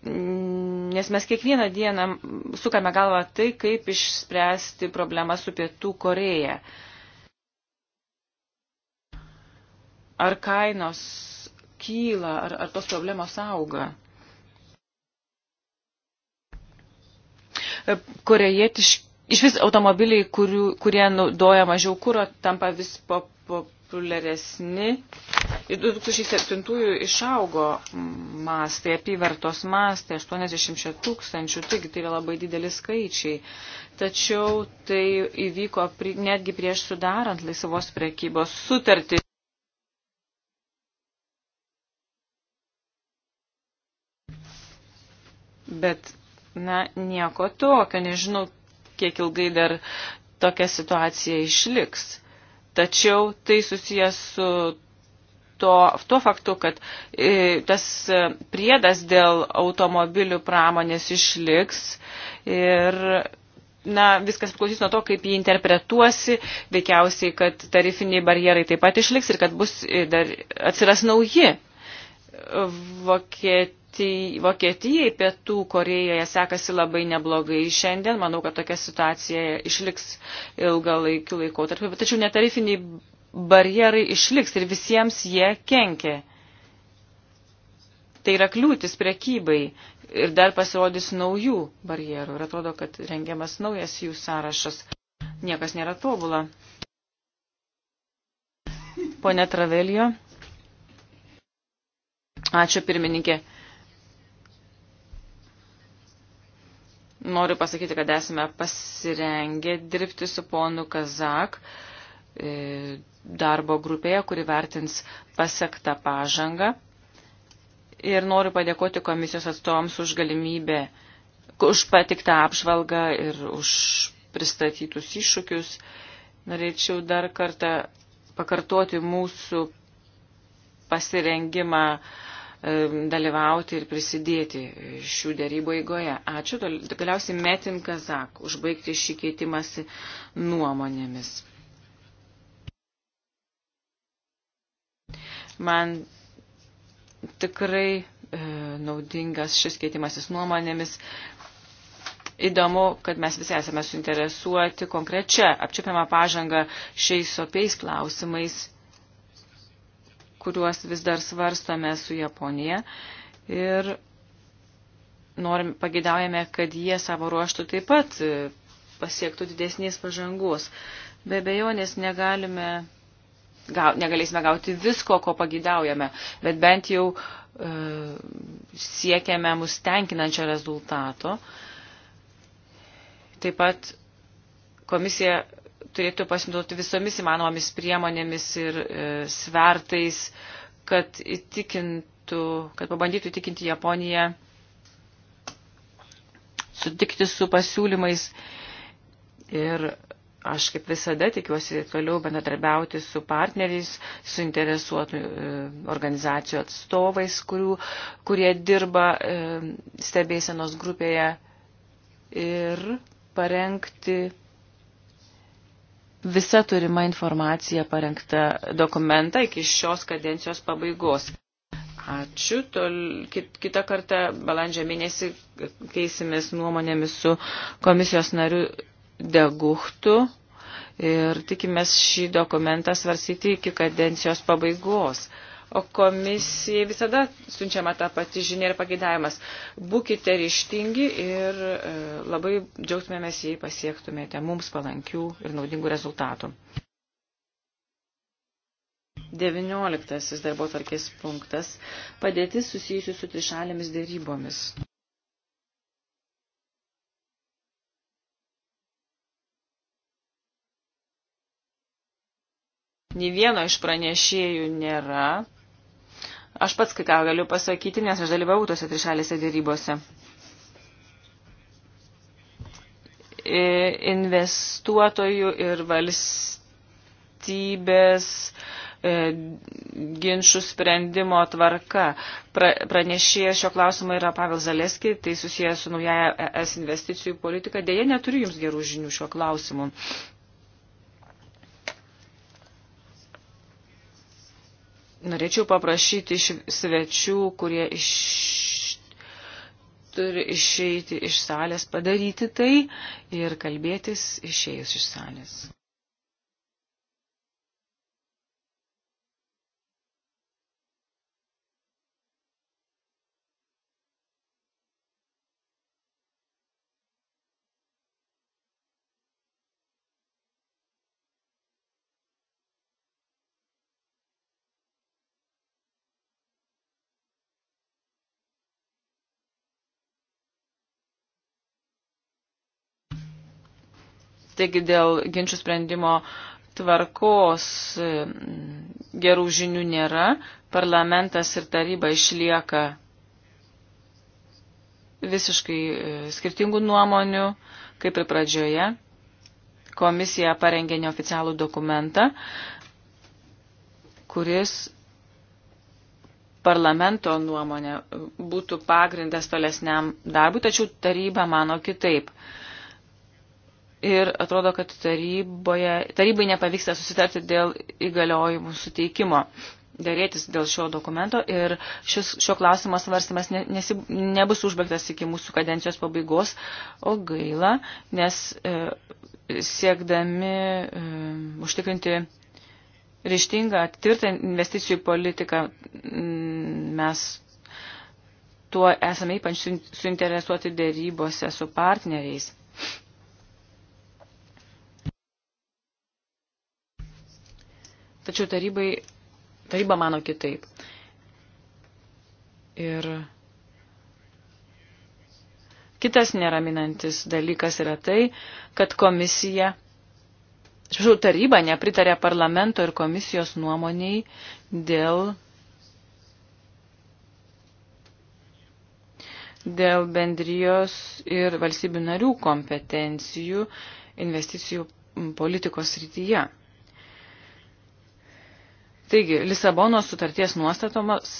nes mes kiekvieną dieną sukame galvą tai, kaip išspręsti problemą su Pietų Koreja. Ar kainos kyla, ar, ar tos problemos auga? Korejietiški, iš vis automobiliai, kurių, kurie naudoja mažiau kūro, tampa vis po, po, populiaresni. 2007 išaugo mastai, apyvartos mastai, 86 tūkstančių, taigi tai yra labai dideli skaičiai. Tačiau tai įvyko pri, netgi prieš sudarant laisvos prekybos sutartį. Bet, na, nieko tokio, nežinau, kiek ilgai dar tokia situacija išliks. Tačiau tai susijęs su to, tuo faktu, kad e, tas e, priedas dėl automobilių pramonės išliks ir na, viskas priklausys nuo to, kaip jį interpretuosi, veikiausiai, kad tarifiniai barjerai taip pat išliks ir kad bus, e, dar atsiras nauji. Vokiet Tai Vokietijai pietų Korejoje sekasi labai neblogai šiandien. Manau, kad tokia situacija išliks ilgą laikį laikotarpį. Tačiau netarifiniai barjerai išliks ir visiems jie kenkia. Tai yra kliūtis prekybai ir dar pasirodys naujų barjerų. Ir atrodo, kad rengiamas naujas jų sąrašas. Niekas nėra tobula. Pone Travelio. Ačiū pirmininkė. Noriu pasakyti, kad esame pasirengę dirbti su ponu Kazak e, darbo grupėje, kuri vertins pasiektą pažangą. Ir noriu padėkoti komisijos atstovams už galimybę, už patiktą apžvalgą ir už pristatytus iššūkius. Norėčiau dar kartą pakartoti mūsų pasirengimą uh, dalyvauti ir prisidėti šių dėrybų eigoje. Ačiū. Galiausiai Metin Kazak užbaigti šį keitimąsi nuomonėmis. Man tikrai e, naudingas šis keitimasis nuomonėmis. Įdomu, kad mes visi esame suinteresuoti konkrečia apčiupiamą pažangą šiais opiais klausimais kuriuos vis dar svarstome su Japonija ir norim, pagidaujame, kad jie savo ruoštų taip pat e, pasiektų didesnės pažangos. Be bejonės negalime, gau, negalėsime gauti visko, ko pagidaujame, bet bent jau e, siekiame mus tenkinančio rezultato. Taip pat komisija turėtų pasinaudoti visomis įmanomomis priemonėmis ir e, svertais, kad įtikintų, kad pabandytų įtikinti Japoniją sutikti su pasiūlymais ir aš kaip visada tikiuosi toliau bendradarbiauti su partneriais, su interesuotų e, organizacijų atstovais, kurių, kurie dirba e, stebėsenos grupėje ir parengti visa turima informacija parengta dokumenta iki šios kadencijos pabaigos. Ačiū. Tol, kit, kitą kartą balandžio mėnesį keisimės nuomonėmis su komisijos nariu Deguchtu ir tikimės šį dokumentą svarsyti iki kadencijos pabaigos. O komisijai visada siunčiama ta pati žinia ir pageidavimas. Būkite ryštingi ir e, labai džiaugtumėmės, jei pasiektumėte mums palankių ir naudingų rezultatų. 19. darbo tvarkės punktas. Padėtis susijusių su trišalėmis dėrybomis. Nė vieno iš pranešėjų nėra. Aš pats kai ką galiu pasakyti, nes aš dalyvau tose trišalėse dėrybose. Investuotojų ir valstybės e, ginčių sprendimo tvarka. Pra, pranešėjas šio klausimo yra Pavel Zaleski, tai susijęs su naujaja ES investicijų politika. Deja, neturiu jums gerų žinių šio klausimu. norėčiau paprašyti iš svečių, kurie iš, turi išeiti iš salės, padaryti tai ir kalbėtis išėjus iš salės. Taigi dėl ginčių sprendimo tvarkos e, gerų žinių nėra, parlamentas ir taryba išlieka visiškai e, skirtingų nuomonių, kaip ir pradžioje. Komisija parengė neoficialų dokumentą, kuris parlamento nuomonė būtų pagrindas tolesniam darbui, tačiau taryba mano kitaip ir atrodo, kad taryboje, tarybai nepavyksta susitarti dėl įgaliojimų suteikimo dėrėtis dėl šio dokumento ir šis, šio klausimo svarstymas ne, nesi, nebus užbaigtas iki mūsų kadencijos pabaigos, o gaila, nes e, siekdami e, užtikrinti ryštingą, tvirtą investicijų politiką mes tuo esame ypač suinteresuoti dėrybose su partneriais. Tačiau tarybai, taryba mano kitaip. Ir kitas neraminantis dalykas yra tai, kad komisija, žinau, taryba nepritarė parlamento ir komisijos nuomoniai dėl dėl bendrijos ir valstybių narių kompetencijų investicijų politikos srityje. Taigi, Lisabonos sutarties nuostatomos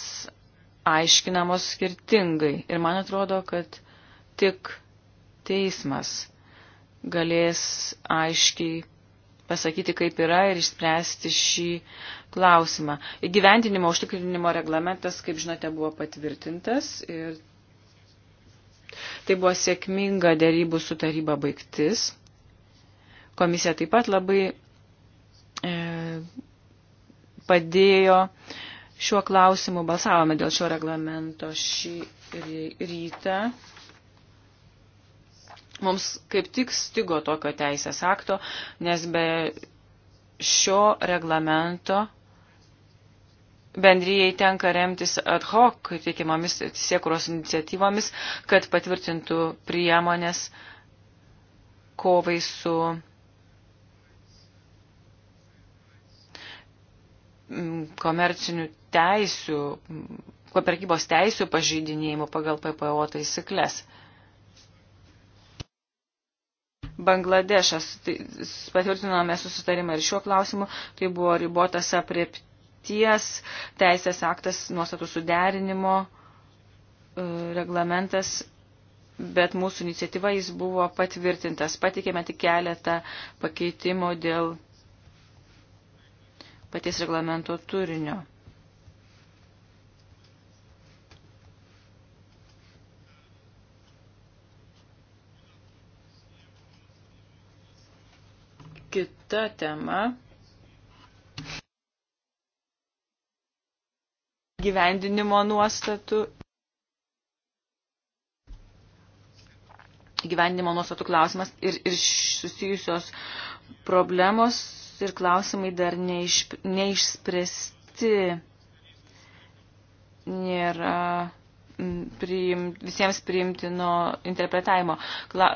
aiškinamos skirtingai ir man atrodo, kad tik teismas galės aiškiai pasakyti, kaip yra ir išspręsti šį klausimą. Įgyvendinimo užtikrinimo reglamentas, kaip žinote, buvo patvirtintas ir tai buvo sėkminga dėrybų su taryba baigtis. Komisija taip pat labai e, padėjo šiuo klausimu. Balsavome dėl šio reglamento šį rytą. Mums kaip tik stigo tokio teisės akto, nes be šio reglamento bendryjai tenka remtis ad hoc teikiamomis siekuros iniciatyvomis, kad patvirtintų priemonės kovai su komercinių teisių, prekybos teisių pažeidinėjimų pagal PPO taisyklės. Bangladešas tai, patvirtinome susitarimą ir šiuo klausimu, tai buvo ribotas apriepties teisės aktas nuostatų suderinimo e, reglamentas bet mūsų iniciatyva jis buvo patvirtintas. Patikėme tik keletą pakeitimo dėl paties reglamento turinio. Kita tema gyvendinimo nuostatų. Gyvendinimo nuostatų klausimas ir, ir susijusios problemos ir klausimai dar neiš, neišspręsti. Nėra priim, visiems priimtino interpretavimo. Kla,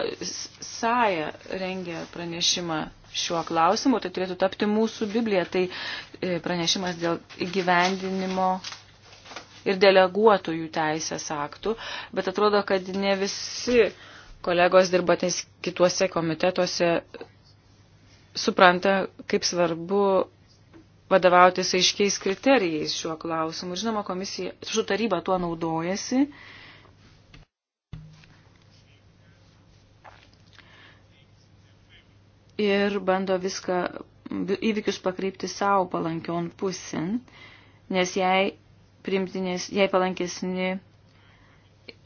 Saja rengia pranešimą šiuo klausimu, tai turėtų tapti mūsų Biblija. Tai e, pranešimas dėl įgyvendinimo ir deleguotojų teisės aktų, bet atrodo, kad ne visi kolegos dirba ties kituose komitetuose supranta, kaip svarbu vadovautis aiškiais kriterijais šiuo klausimu. Žinoma, komisija, su taryba tuo naudojasi. Ir bando viską, įvykius pakreipti savo palankion pusin, nes jai, jai palankesni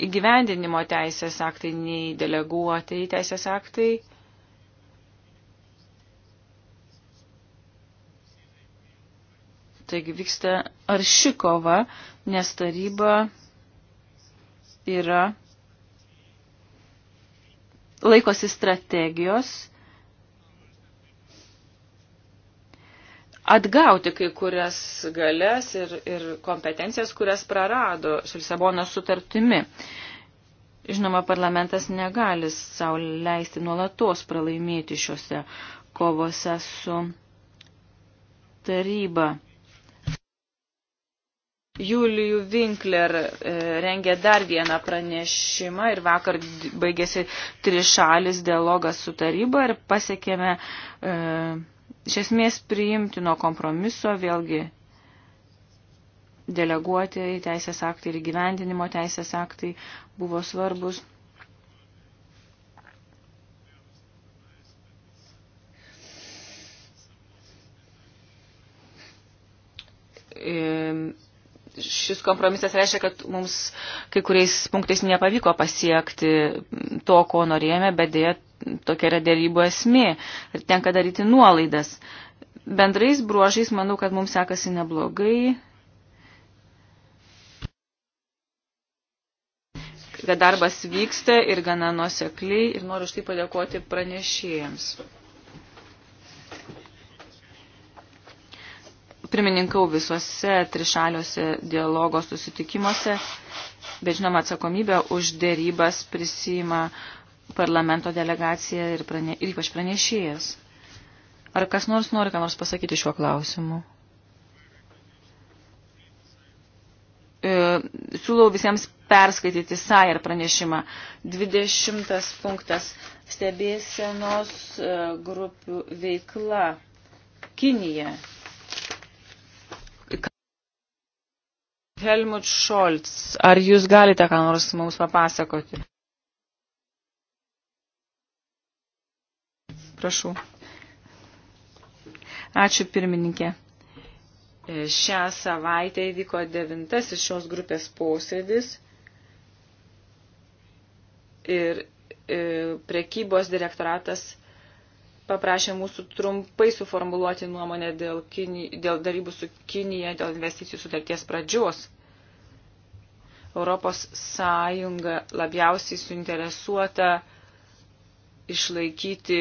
įgyvendinimo teisės aktai nei deleguotai teisės aktai Taigi vyksta arši kova, nes taryba yra laikosi strategijos atgauti kai kurias galės ir, ir kompetencijas, kurias prarado su Lisabonos sutartimi. Žinoma, parlamentas negali savo leisti nuolatos pralaimėti šiuose kovose su taryba. Julijų Winkler e, rengė dar vieną pranešimą ir vakar baigėsi trišalis dialogas su taryba ir pasiekėme e, iš esmės priimtino kompromiso vėlgi deleguoti į teisės aktai ir gyvendinimo teisės aktai buvo svarbus. E, šis kompromisas reiškia, kad mums kai kuriais punktais nepavyko pasiekti to, ko norėjome, bet dėja tokia yra dėrybų esmė ir tenka daryti nuolaidas. Bendrais bruožais manau, kad mums sekasi neblogai. kad darbas vyksta ir gana nuosekliai ir noriu už tai padėkoti pranešėjams. pirmininkau visuose trišaliuose dialogo susitikimuose, bet žinoma atsakomybę už dėrybas prisima parlamento delegacija ir, prane, ir ypač pranešėjas. Ar kas nors nori ką nors pasakyti šiuo klausimu? E, siūlau visiems perskaityti SAIR pranešimą. 20 punktas stebėsenos e, grupių veikla Kinija. Helmut Scholz, ar jūs galite ką nors mums papasakoti? Prašau. Ačiū pirmininkė. E, šią savaitę įvyko devintasis šios grupės posėdis ir e, prekybos direktoratas paprašė mūsų trumpai suformuluoti nuomonę dėl, Kini, dėl darybų su Kinija, dėl investicijų sutarties pradžios. Europos Sąjunga labiausiai suinteresuota išlaikyti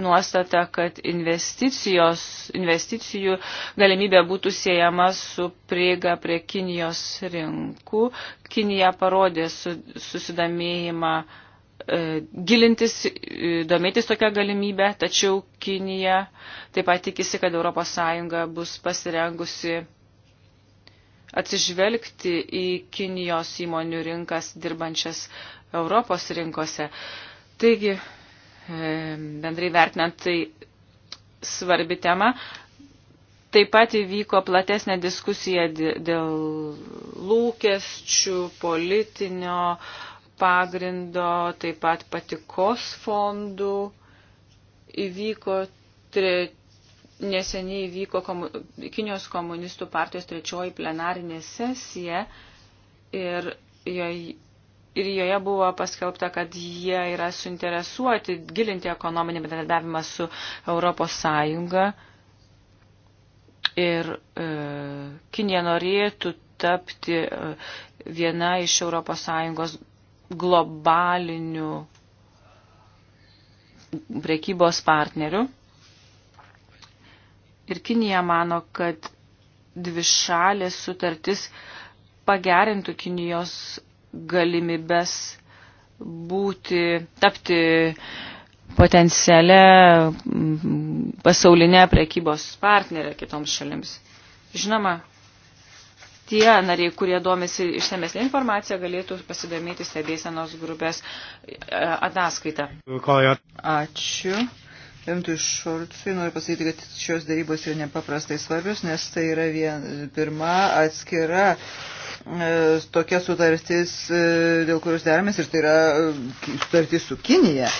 nuostata, kad investicijų galimybė būtų siejama su prieiga prie Kinijos rinkų. Kinija parodė susidomėjimą uh, E, gilintis, e, domėtis tokią galimybę, tačiau Kinija taip pat tikisi, kad ES bus pasirengusi atsižvelgti į Kinijos įmonių rinkas dirbančias Europos rinkose. Taigi, e, bendrai vertinant, tai svarbi tema. Taip pat įvyko platesnė diskusija dėl lūkesčių, politinio uh, pagrindo, taip pat patikos fondų įvyko tre, neseniai įvyko komu, Kinijos komunistų partijos trečioji plenarinė sesija ir joje, ir joje buvo paskelbta, kad jie yra suinteresuoti gilinti ekonominį bendradarbiavimą su Europos Sąjunga ir e, Kinija norėtų tapti e, viena iš Europos Sąjungos globaliniu prekybos partneriu. Ir Kinija mano, kad dvišalės sutartis pagerintų Kinijos galimybės būti, tapti potencialę pasaulinę prekybos partnerę kitoms šalims. Žinoma, tie nariai, kurie domisi išsamesnė informacija, galėtų pasidomėti stebėsenos grupės e, ataskaitą. Ačiū. Rimtui Šolcui noriu pasakyti, kad šios darybos yra nepaprastai svarbios, nes tai yra vien, pirma atskira e, tokia sutartis, e, dėl kurios deramės ir tai yra e, sutartis su Kinija.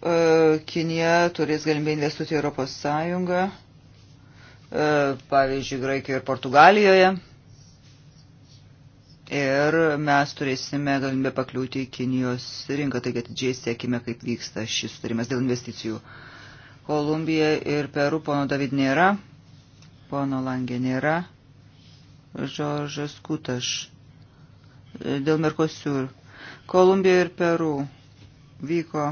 E, Kinija turės galimybę investuoti į Europos Sąjungą. E, pavyzdžiui, Graikijoje ir Portugalijoje. Ir mes turėsime galimybę pakliūti į Kinijos rinką, taigi atidžiai sėkime, kaip vyksta šis sutarimas dėl investicijų. Kolumbija ir Peru, pono David nėra, pono Langė nėra, Žoržas Kutaš e, dėl Merkosiur. Kolumbija ir Peru vyko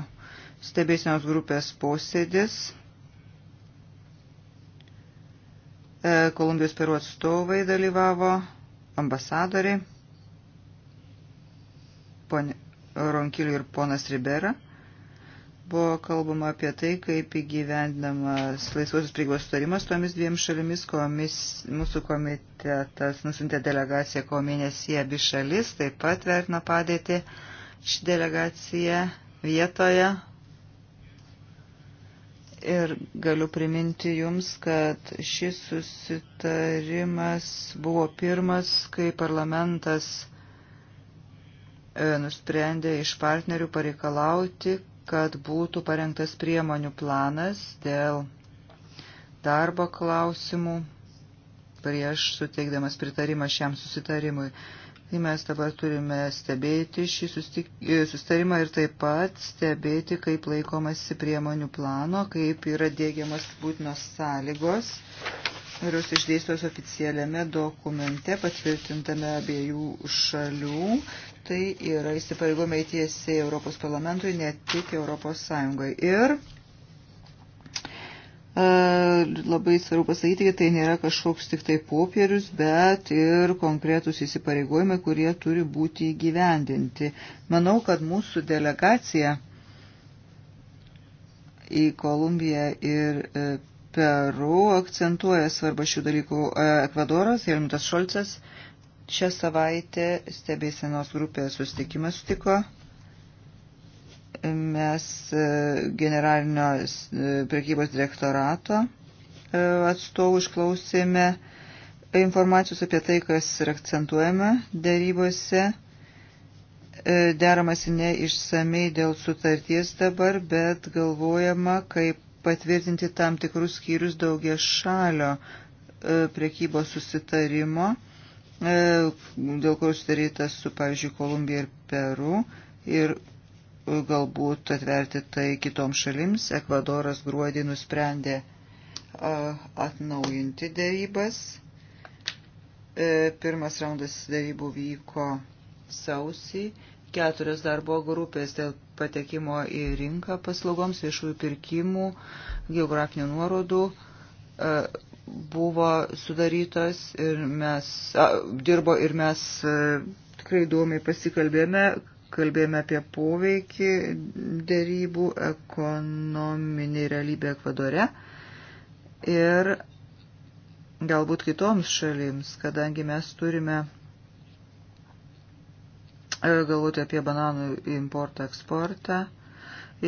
stebėsienos grupės posėdis E, Kolumbijos Peru atstovai dalyvavo, ambasadoriai, ponė Ronkiliu ir ponas Ribera. Buvo kalbama apie tai, kaip įgyvendinamas laisvosios prieigos sutarimas tomis dviem šalimis, komis, mūsų komitetas nusintė delegaciją ko mėnesį abi šalis, taip pat vertino padėti ši delegacija vietoje Ir galiu priminti Jums, kad šis susitarimas buvo pirmas, kai parlamentas e, nusprendė iš partnerių pareikalauti, kad būtų parengtas priemonių planas dėl darbo klausimų prieš suteikdamas pritarimą šiam susitarimui. Mes dabar turime stebėti šį e, sustarimą ir taip pat stebėti, kaip laikomasi priemonių plano, kaip yra dėgiamas būtinos sąlygos, kurios išdėstos oficialiame dokumente patvirtintame abiejų šalių. Tai yra įsipareigojimai tiesiai Europos parlamentui, ne tik Europos Sąjungai. Ir Labai svarbu pasakyti, kad tai nėra kažkoks tik tai popierius, bet ir konkretus įsipareigojimai, kurie turi būti įgyvendinti. Manau, kad mūsų delegacija į Kolumbiją ir e, Peru akcentuoja svarbą šių dalykų e, Ekvadoras, Helmutas Šolcas šią savaitę stebėsenos grupė susitikimas sutiko mes e, generalinio e, prekybos direktorato e, atstovų išklausėme informacijos apie tai, kas yra akcentuojama dėrybose. Deramasi ne išsamei dėl sutarties dabar, bet galvojama, kaip patvirtinti tam tikrus skyrius daugia šalio prekybos susitarimo, dėl kurio sutarytas su, pavyzdžiui, Kolumbija ir Peru. Ir galbūt atverti tai kitoms šalims. Ekvadoras gruodį nusprendė atnaujinti dėrybas. E, pirmas raundas dėrybų vyko sausį. Keturios darbo grupės dėl patekimo į rinką paslaugoms, viešųjų pirkimų, geografinių nuorodų e, buvo sudarytos ir mes, a, dirbo ir mes a, e, tikrai įdomiai pasikalbėjome, kalbėjome apie poveikį dėrybų ekonominį realybę Ekvadore ir galbūt kitoms šalims, kadangi mes turime e, galvoti apie bananų importą, eksportą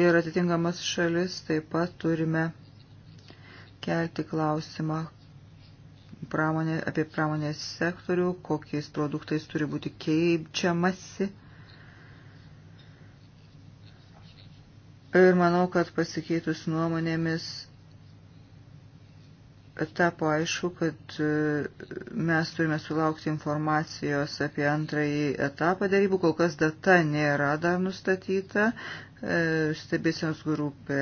ir atitinkamas šalis taip pat turime kelti klausimą, pramonė, apie pramonės sektorių, kokiais produktais turi būti keičiamasi. Ir manau, kad pasikeitus nuomonėmis tapo aišku, kad e, mes turime sulaukti informacijos apie antrąjį etapą darybų. Kol kas data nėra dar nustatyta. E, Stebėsiams grupė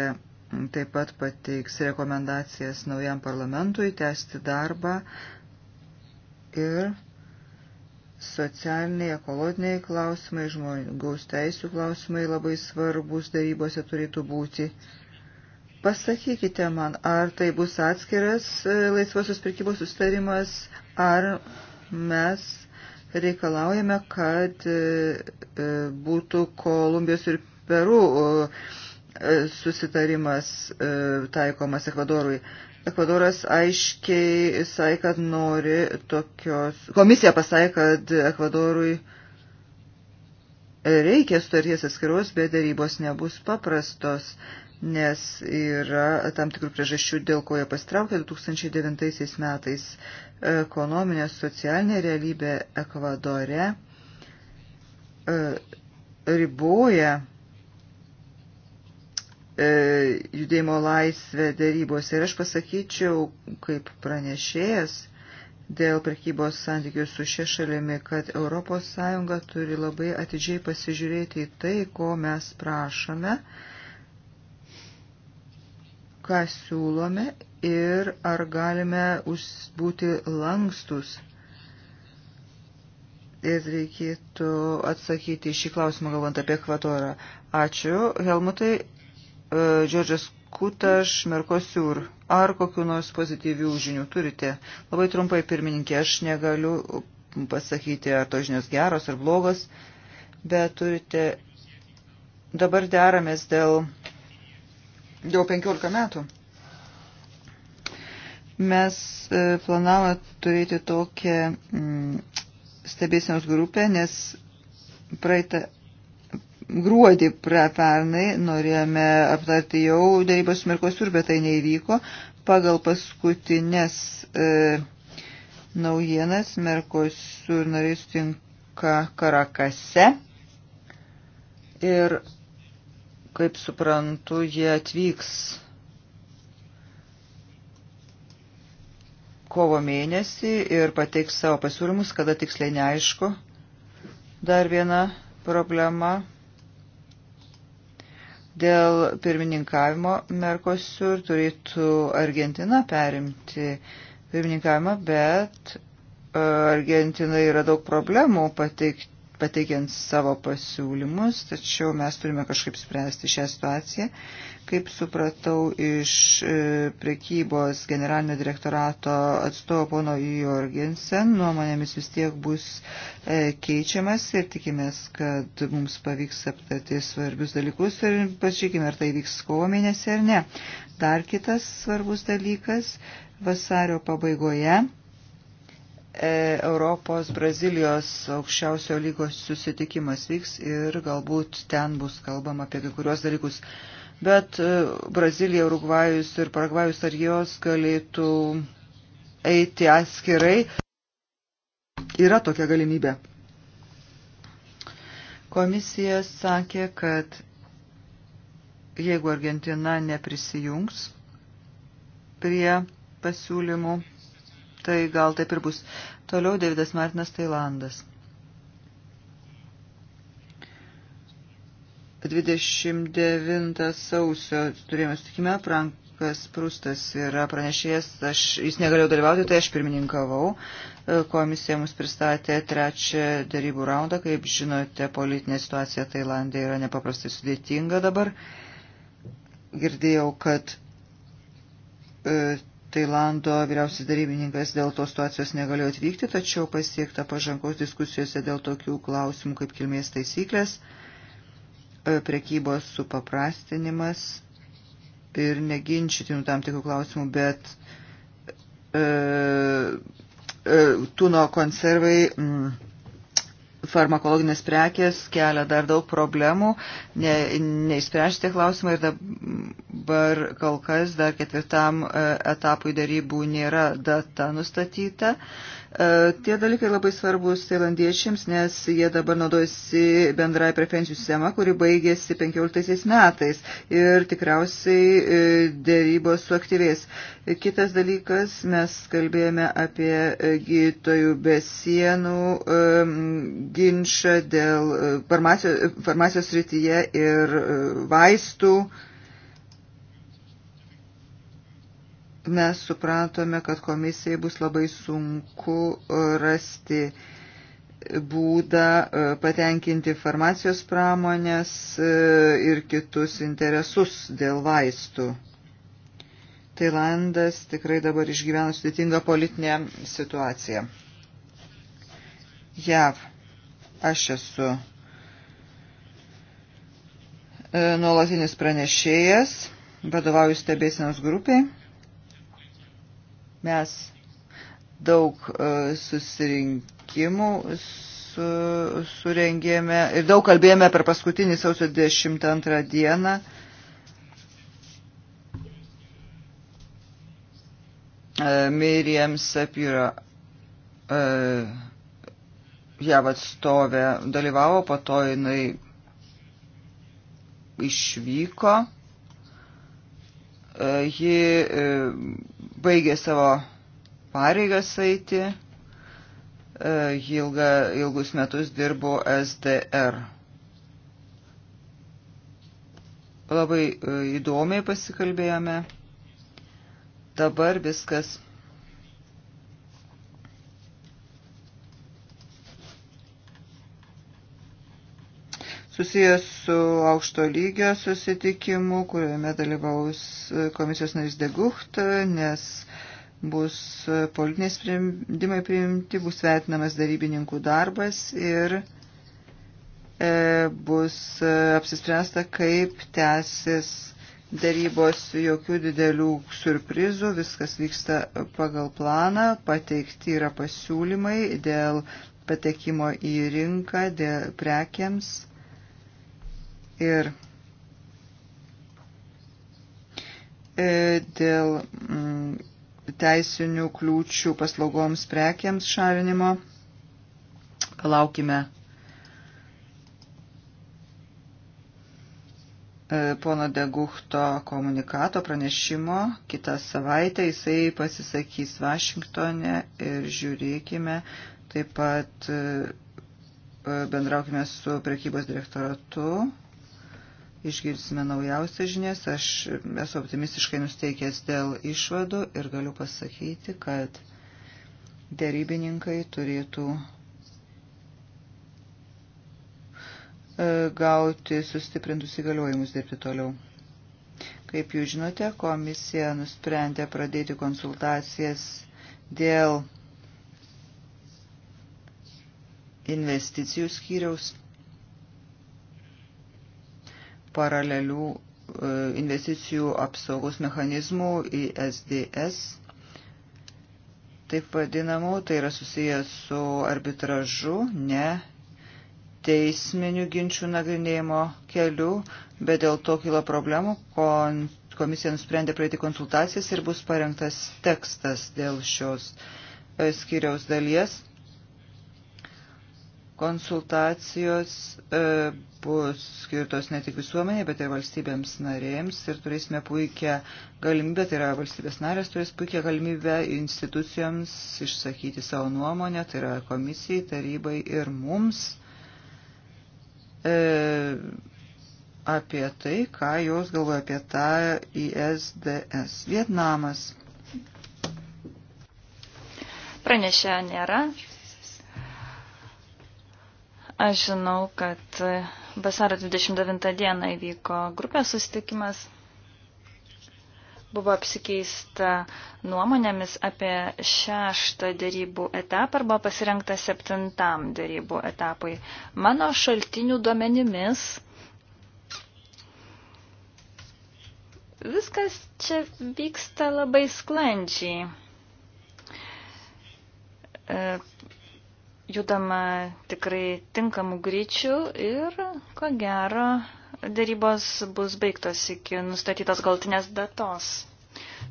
taip pat pateiks rekomendacijas naujam parlamentui tęsti darbą ir socialiniai, ekologiniai klausimai, žmogaus teisų klausimai labai svarbus darybose turėtų būti. Pasakykite man, ar tai bus atskiras e, laisvosios prekybos sustarimas, ar mes reikalaujame, kad e, e, būtų Kolumbijos ir Peru E, susitarimas e, taikomas Ekvadorui. Ekvadoras aiškiai sakė, kad nori tokios. Komisija pasakė, kad Ekvadorui reikia sutarties atskiros, bet darybos nebus paprastos, nes yra tam tikrų priežasčių, dėl ko jie pastraukė 2009 metais ekonominė socialinė realybė Ekvadore e, riboja E, judėjimo laisvę dėrybose. Ir aš pasakyčiau, kaip pranešėjas dėl prekybos santykių su šia šalimi, kad ES turi labai atidžiai pasižiūrėti į tai, ko mes prašome, ką siūlome ir ar galime būti lankstus. Ir reikėtų atsakyti šį klausimą, galvant apie ekvatorą. Ačiū, Helmutai. E, Džordžas Kutaš, Merkosiur. Ar kokiu nors pozityvių žinių turite? Labai trumpai, pirmininkė, aš negaliu pasakyti, ar to žinios geros ar blogos, bet turite. Dabar deramės dėl jau 15 metų. Mes e, planavome turėti tokią mm, stebėsienos grupę, nes praeitą gruodį pernai norėjome aptarti jau darybas su Merkosur, bet tai neįvyko. Pagal paskutinės e, naujienas Merkosur nariai sutinka Karakase. Ir, kaip suprantu, jie atvyks kovo mėnesį ir pateiks savo pasiūlymus, kada tiksliai neaišku. Dar viena problema Dėl pirmininkavimo Merkosur turėtų Argentina perimti pirmininkavimą, bet e, Argentina yra daug problemų pateikti pateikiant savo pasiūlymus, tačiau mes turime kažkaip spręsti šią situaciją. Kaip supratau iš e, prekybos generalinio direktorato atstovo pono Jorgensen, nuomonėmis vis tiek bus e, keičiamas ir tikimės, kad mums pavyks aptarti svarbius dalykus ir pažiūrėkime, ar tai vyks kovo mėnesį ar ne. Dar kitas svarbus dalykas vasario pabaigoje. E, Europos Brazilijos aukščiausio lygos susitikimas vyks ir galbūt ten bus kalbama apie kai kuriuos dalykus bet e, Brazilija, Urugvajus ir Paragvajus ar jos galėtų eiti atskirai. Yra tokia galimybė. Komisija sakė, kad jeigu Argentina neprisijungs prie pasiūlymų, tai gal taip ir bus. Toliau Davidas Martinas Tailandas. 29 sausio turėjome sutikime, Frankas Prustas yra pranešėjas, aš, jis negalėjau dalyvauti, tai aš pirmininkavau. Komisija mus pristatė trečią darybų raundą, kaip žinote, politinė situacija Tailandė yra nepaprastai sudėtinga dabar. Girdėjau, kad e, Tailando vyriausias darybininkas dėl tos situacijos negalėjo atvykti, tačiau pasiekta pažangos diskusijose dėl tokių klausimų kaip kilmės taisyklės. E, E, prekybos supaprastinimas ir neginčytinų tam tikrų klausimų, bet e, e, tūno konservai, m, mm, farmakologinės prekės kelia dar daug problemų, ne, neišspręšti klausimą ir dabar kol kas dar ketvirtam e, etapui darybų nėra data nustatyta. E, E, tie dalykai labai svarbus tailandiečiams, nes jie dabar naudojasi bendrai preferencijų sistema, kuri baigėsi 15 metais ir tikriausiai e, dėrybos suaktyvės. Kitas dalykas, mes kalbėjome apie gydytojų be sienų e, ginčą dėl farmacijos, farmacijos rytyje ir vaistų mes suprantame, kad komisijai bus labai sunku e, rasti būdą e, patenkinti farmacijos pramonės e, ir kitus interesus dėl vaistų. Tailandas tikrai dabar išgyvena sudėtingą politinę situaciją. JAV aš esu nuolatinis pranešėjas, vadovauju stebėsinos grupiai Mes daug e, susirinkimų su, surengėme ir daug kalbėjome per paskutinį sausio 22 dieną. E, Miriam Sapira e, jav atstovė dalyvavo, po to jinai išvyko. Ji baigė savo pareigas eiti, e, ilga, ilgus metus dirbo SDR. Labai e, įdomiai pasikalbėjome. Dabar viskas susijęs su aukšto lygio susitikimu, kuriame dalyvaus komisijos narys Degucht, nes bus politiniai sprendimai priimti, bus vertinamas darybininkų darbas ir e, bus apsispręsta, kaip tęsis darybos jokių didelių surprizų, viskas vyksta pagal planą, pateikti yra pasiūlymai dėl patekimo į rinką, dėl prekiams Ir e, dėl mm, teisinių kliūčių paslaugoms prekiams šalinimo. Palaukime e, pono Degukto komunikato pranešimo. Kitą savaitę jisai pasisakys Vašingtone ir žiūrėkime. Taip pat e, bendraukime su prekybos direktoratu išgirsime naujausias žinias. Aš esu optimistiškai nusteikęs dėl išvadų ir galiu pasakyti, kad dėrybininkai turėtų e, gauti sustiprintus įgaliojimus dirbti toliau. Kaip jūs žinote, komisija nusprendė pradėti konsultacijas dėl investicijų skyriaus paralelių e, investicijų apsaugos mechanizmų į SDS, taip vadinamų, tai yra susijęs su arbitražu, ne teisminių ginčių nagrinėjimo keliu, bet dėl to kilo problemų, komisija nusprendė praeiti konsultacijas ir bus parengtas tekstas dėl šios e, skiriaus dalies. Konsultacijos e, bus skirtos ne tik visuomeniai, bet ir valstybėms narėms ir turėsime puikią galimybę, tai yra valstybės narės turės puikią galimybę institucijoms išsakyti savo nuomonę, tai yra komisijai, tarybai ir mums e, apie tai, ką jos galvoja apie tą ISDS. Vietnamas. Pranešė nėra, Aš žinau, kad vasaro 29 dieną įvyko grupės susitikimas. Buvo apsikeista nuomonėmis apie šeštą dėrybų etapą arba pasirengta septintam dėrybų etapui. Mano šaltinių duomenimis viskas čia vyksta labai sklandžiai e, judama tikrai tinkamų greičių ir, ko gero, darybos bus baigtos iki nustatytos galtinės datos.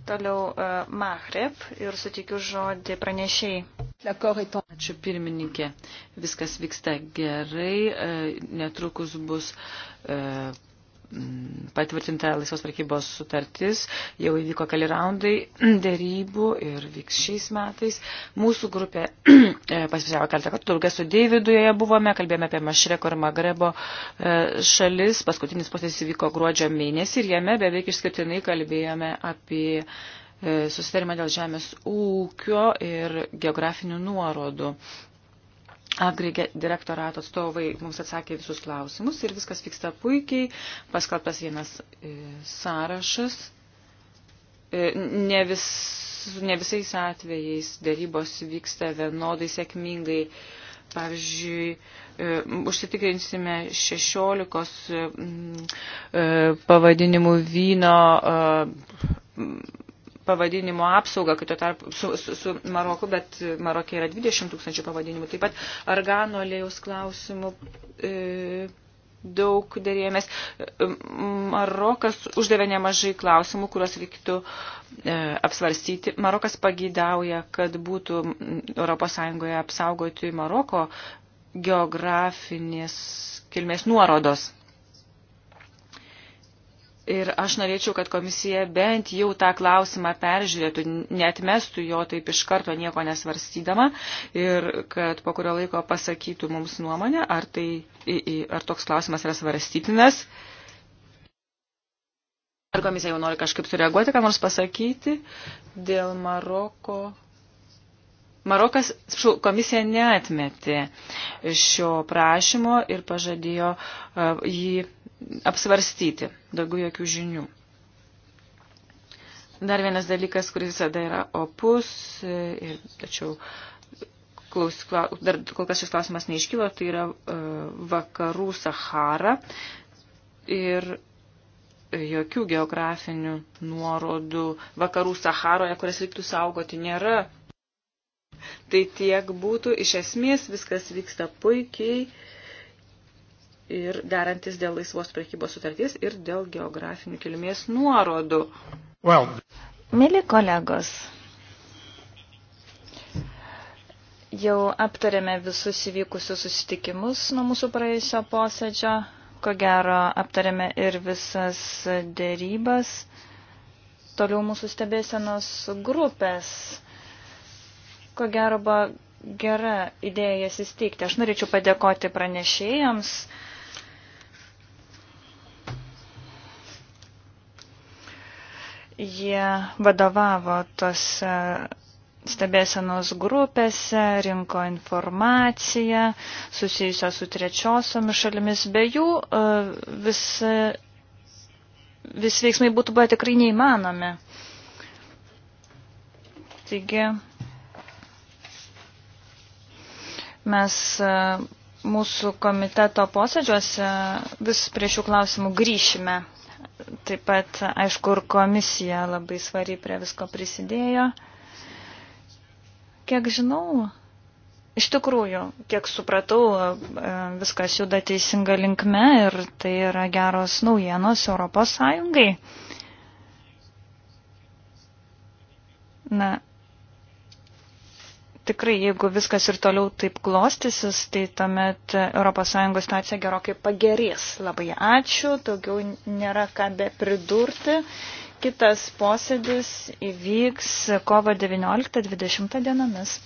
Toliau uh, Mahreb ir sutikiu žodį pranešėjai. Ačiū pirmininkė. Viskas vyksta gerai. E, netrukus bus uh, patvirtinta laisvos prekybos sutartis, jau įvyko keli raundai dėrybų ir vyks šiais metais. Mūsų grupė e, pasipsiavo keltą kartų, draugė su Deividu joje buvome, kalbėjome apie Mašreko ir Magrebo e, šalis, paskutinis posėdis įvyko gruodžio mėnesį ir jame beveik išskirtinai kalbėjome apie e, susitarimą dėl žemės ūkio ir geografinių nuorodų. Agrigė direktorato atstovai mums atsakė visus klausimus ir viskas vyksta puikiai. Paskaltas vienas e, sąrašas. E, ne, vis, ne visais atvejais dėrybos vyksta vienodai sėkmingai. Pavyzdžiui, e, užsitikrinsime 16 pavadinimų vyno pavadinimo apsaugą, kai tuo tarpu su, su, su Maroku, bet Marokė yra 20 tūkstančių pavadinimų. Taip pat argano lėjaus klausimų e, daug dėrėjomės. Marokas uždavė nemažai klausimų, kuriuos reiktų e, apsvarstyti. Marokas pagydauja, kad būtų ES apsaugoti Maroko geografinės kilmės nuorodos. Ir aš norėčiau, kad komisija bent jau tą klausimą peržiūrėtų, netmestų jo taip iš karto nieko nesvarstydama ir kad po kurio laiko pasakytų mums nuomonę, ar, tai, ar toks klausimas yra svarstytinas. Ar komisija jau nori kažkaip sureaguoti, ką nors pasakyti dėl Maroko. Marokas, šu, komisija neatmetė šio prašymo ir pažadėjo uh, jį apsvarstyti, daugiau jokių žinių. Dar vienas dalykas, kuris visada yra opus, ir, tačiau klaus, klaus, dar kol kas šis klausimas neiškilo, tai yra uh, vakarų Sahara ir jokių geografinių nuorodų vakarų Saharoje, kurias reiktų saugoti, nėra. Tai tiek būtų, iš esmės viskas vyksta puikiai. Uh, ir derantis dėl laisvos prekybos sutarties ir dėl geografinių kilmės nuorodų. Well. Mili kolegos, jau aptarėme visus įvykusius susitikimus nuo mūsų praėjusio posėdžio, ko gero aptarėme ir visas dėrybas, toliau mūsų stebėsenos grupės, ko gero buvo gera idėja jas įsteigti. Aš norėčiau padėkoti pranešėjams Jie vadovavo tose stebėsenos grupėse, rinko informaciją susijusią su trečiosiomis šalimis. Be jų visi, e, visi veiksmai būtų buvę tikrai neįmanomi. Taigi mes e, mūsų komiteto posėdžiuose vis prie šių klausimų grįšime. Taip pat, aišku, ir komisija labai svariai prie visko prisidėjo. Kiek žinau, iš tikrųjų, kiek supratau, e, viskas juda teisinga linkme ir tai yra geros naujienos Europos Sąjungai. Na, tikrai, jeigu viskas ir toliau taip klostysis, tai tuomet ES situacija gerokai pagerės. Labai ačiū, daugiau nėra ką be pridurti. Kitas posėdis įvyks kovo 19-20 dienomis.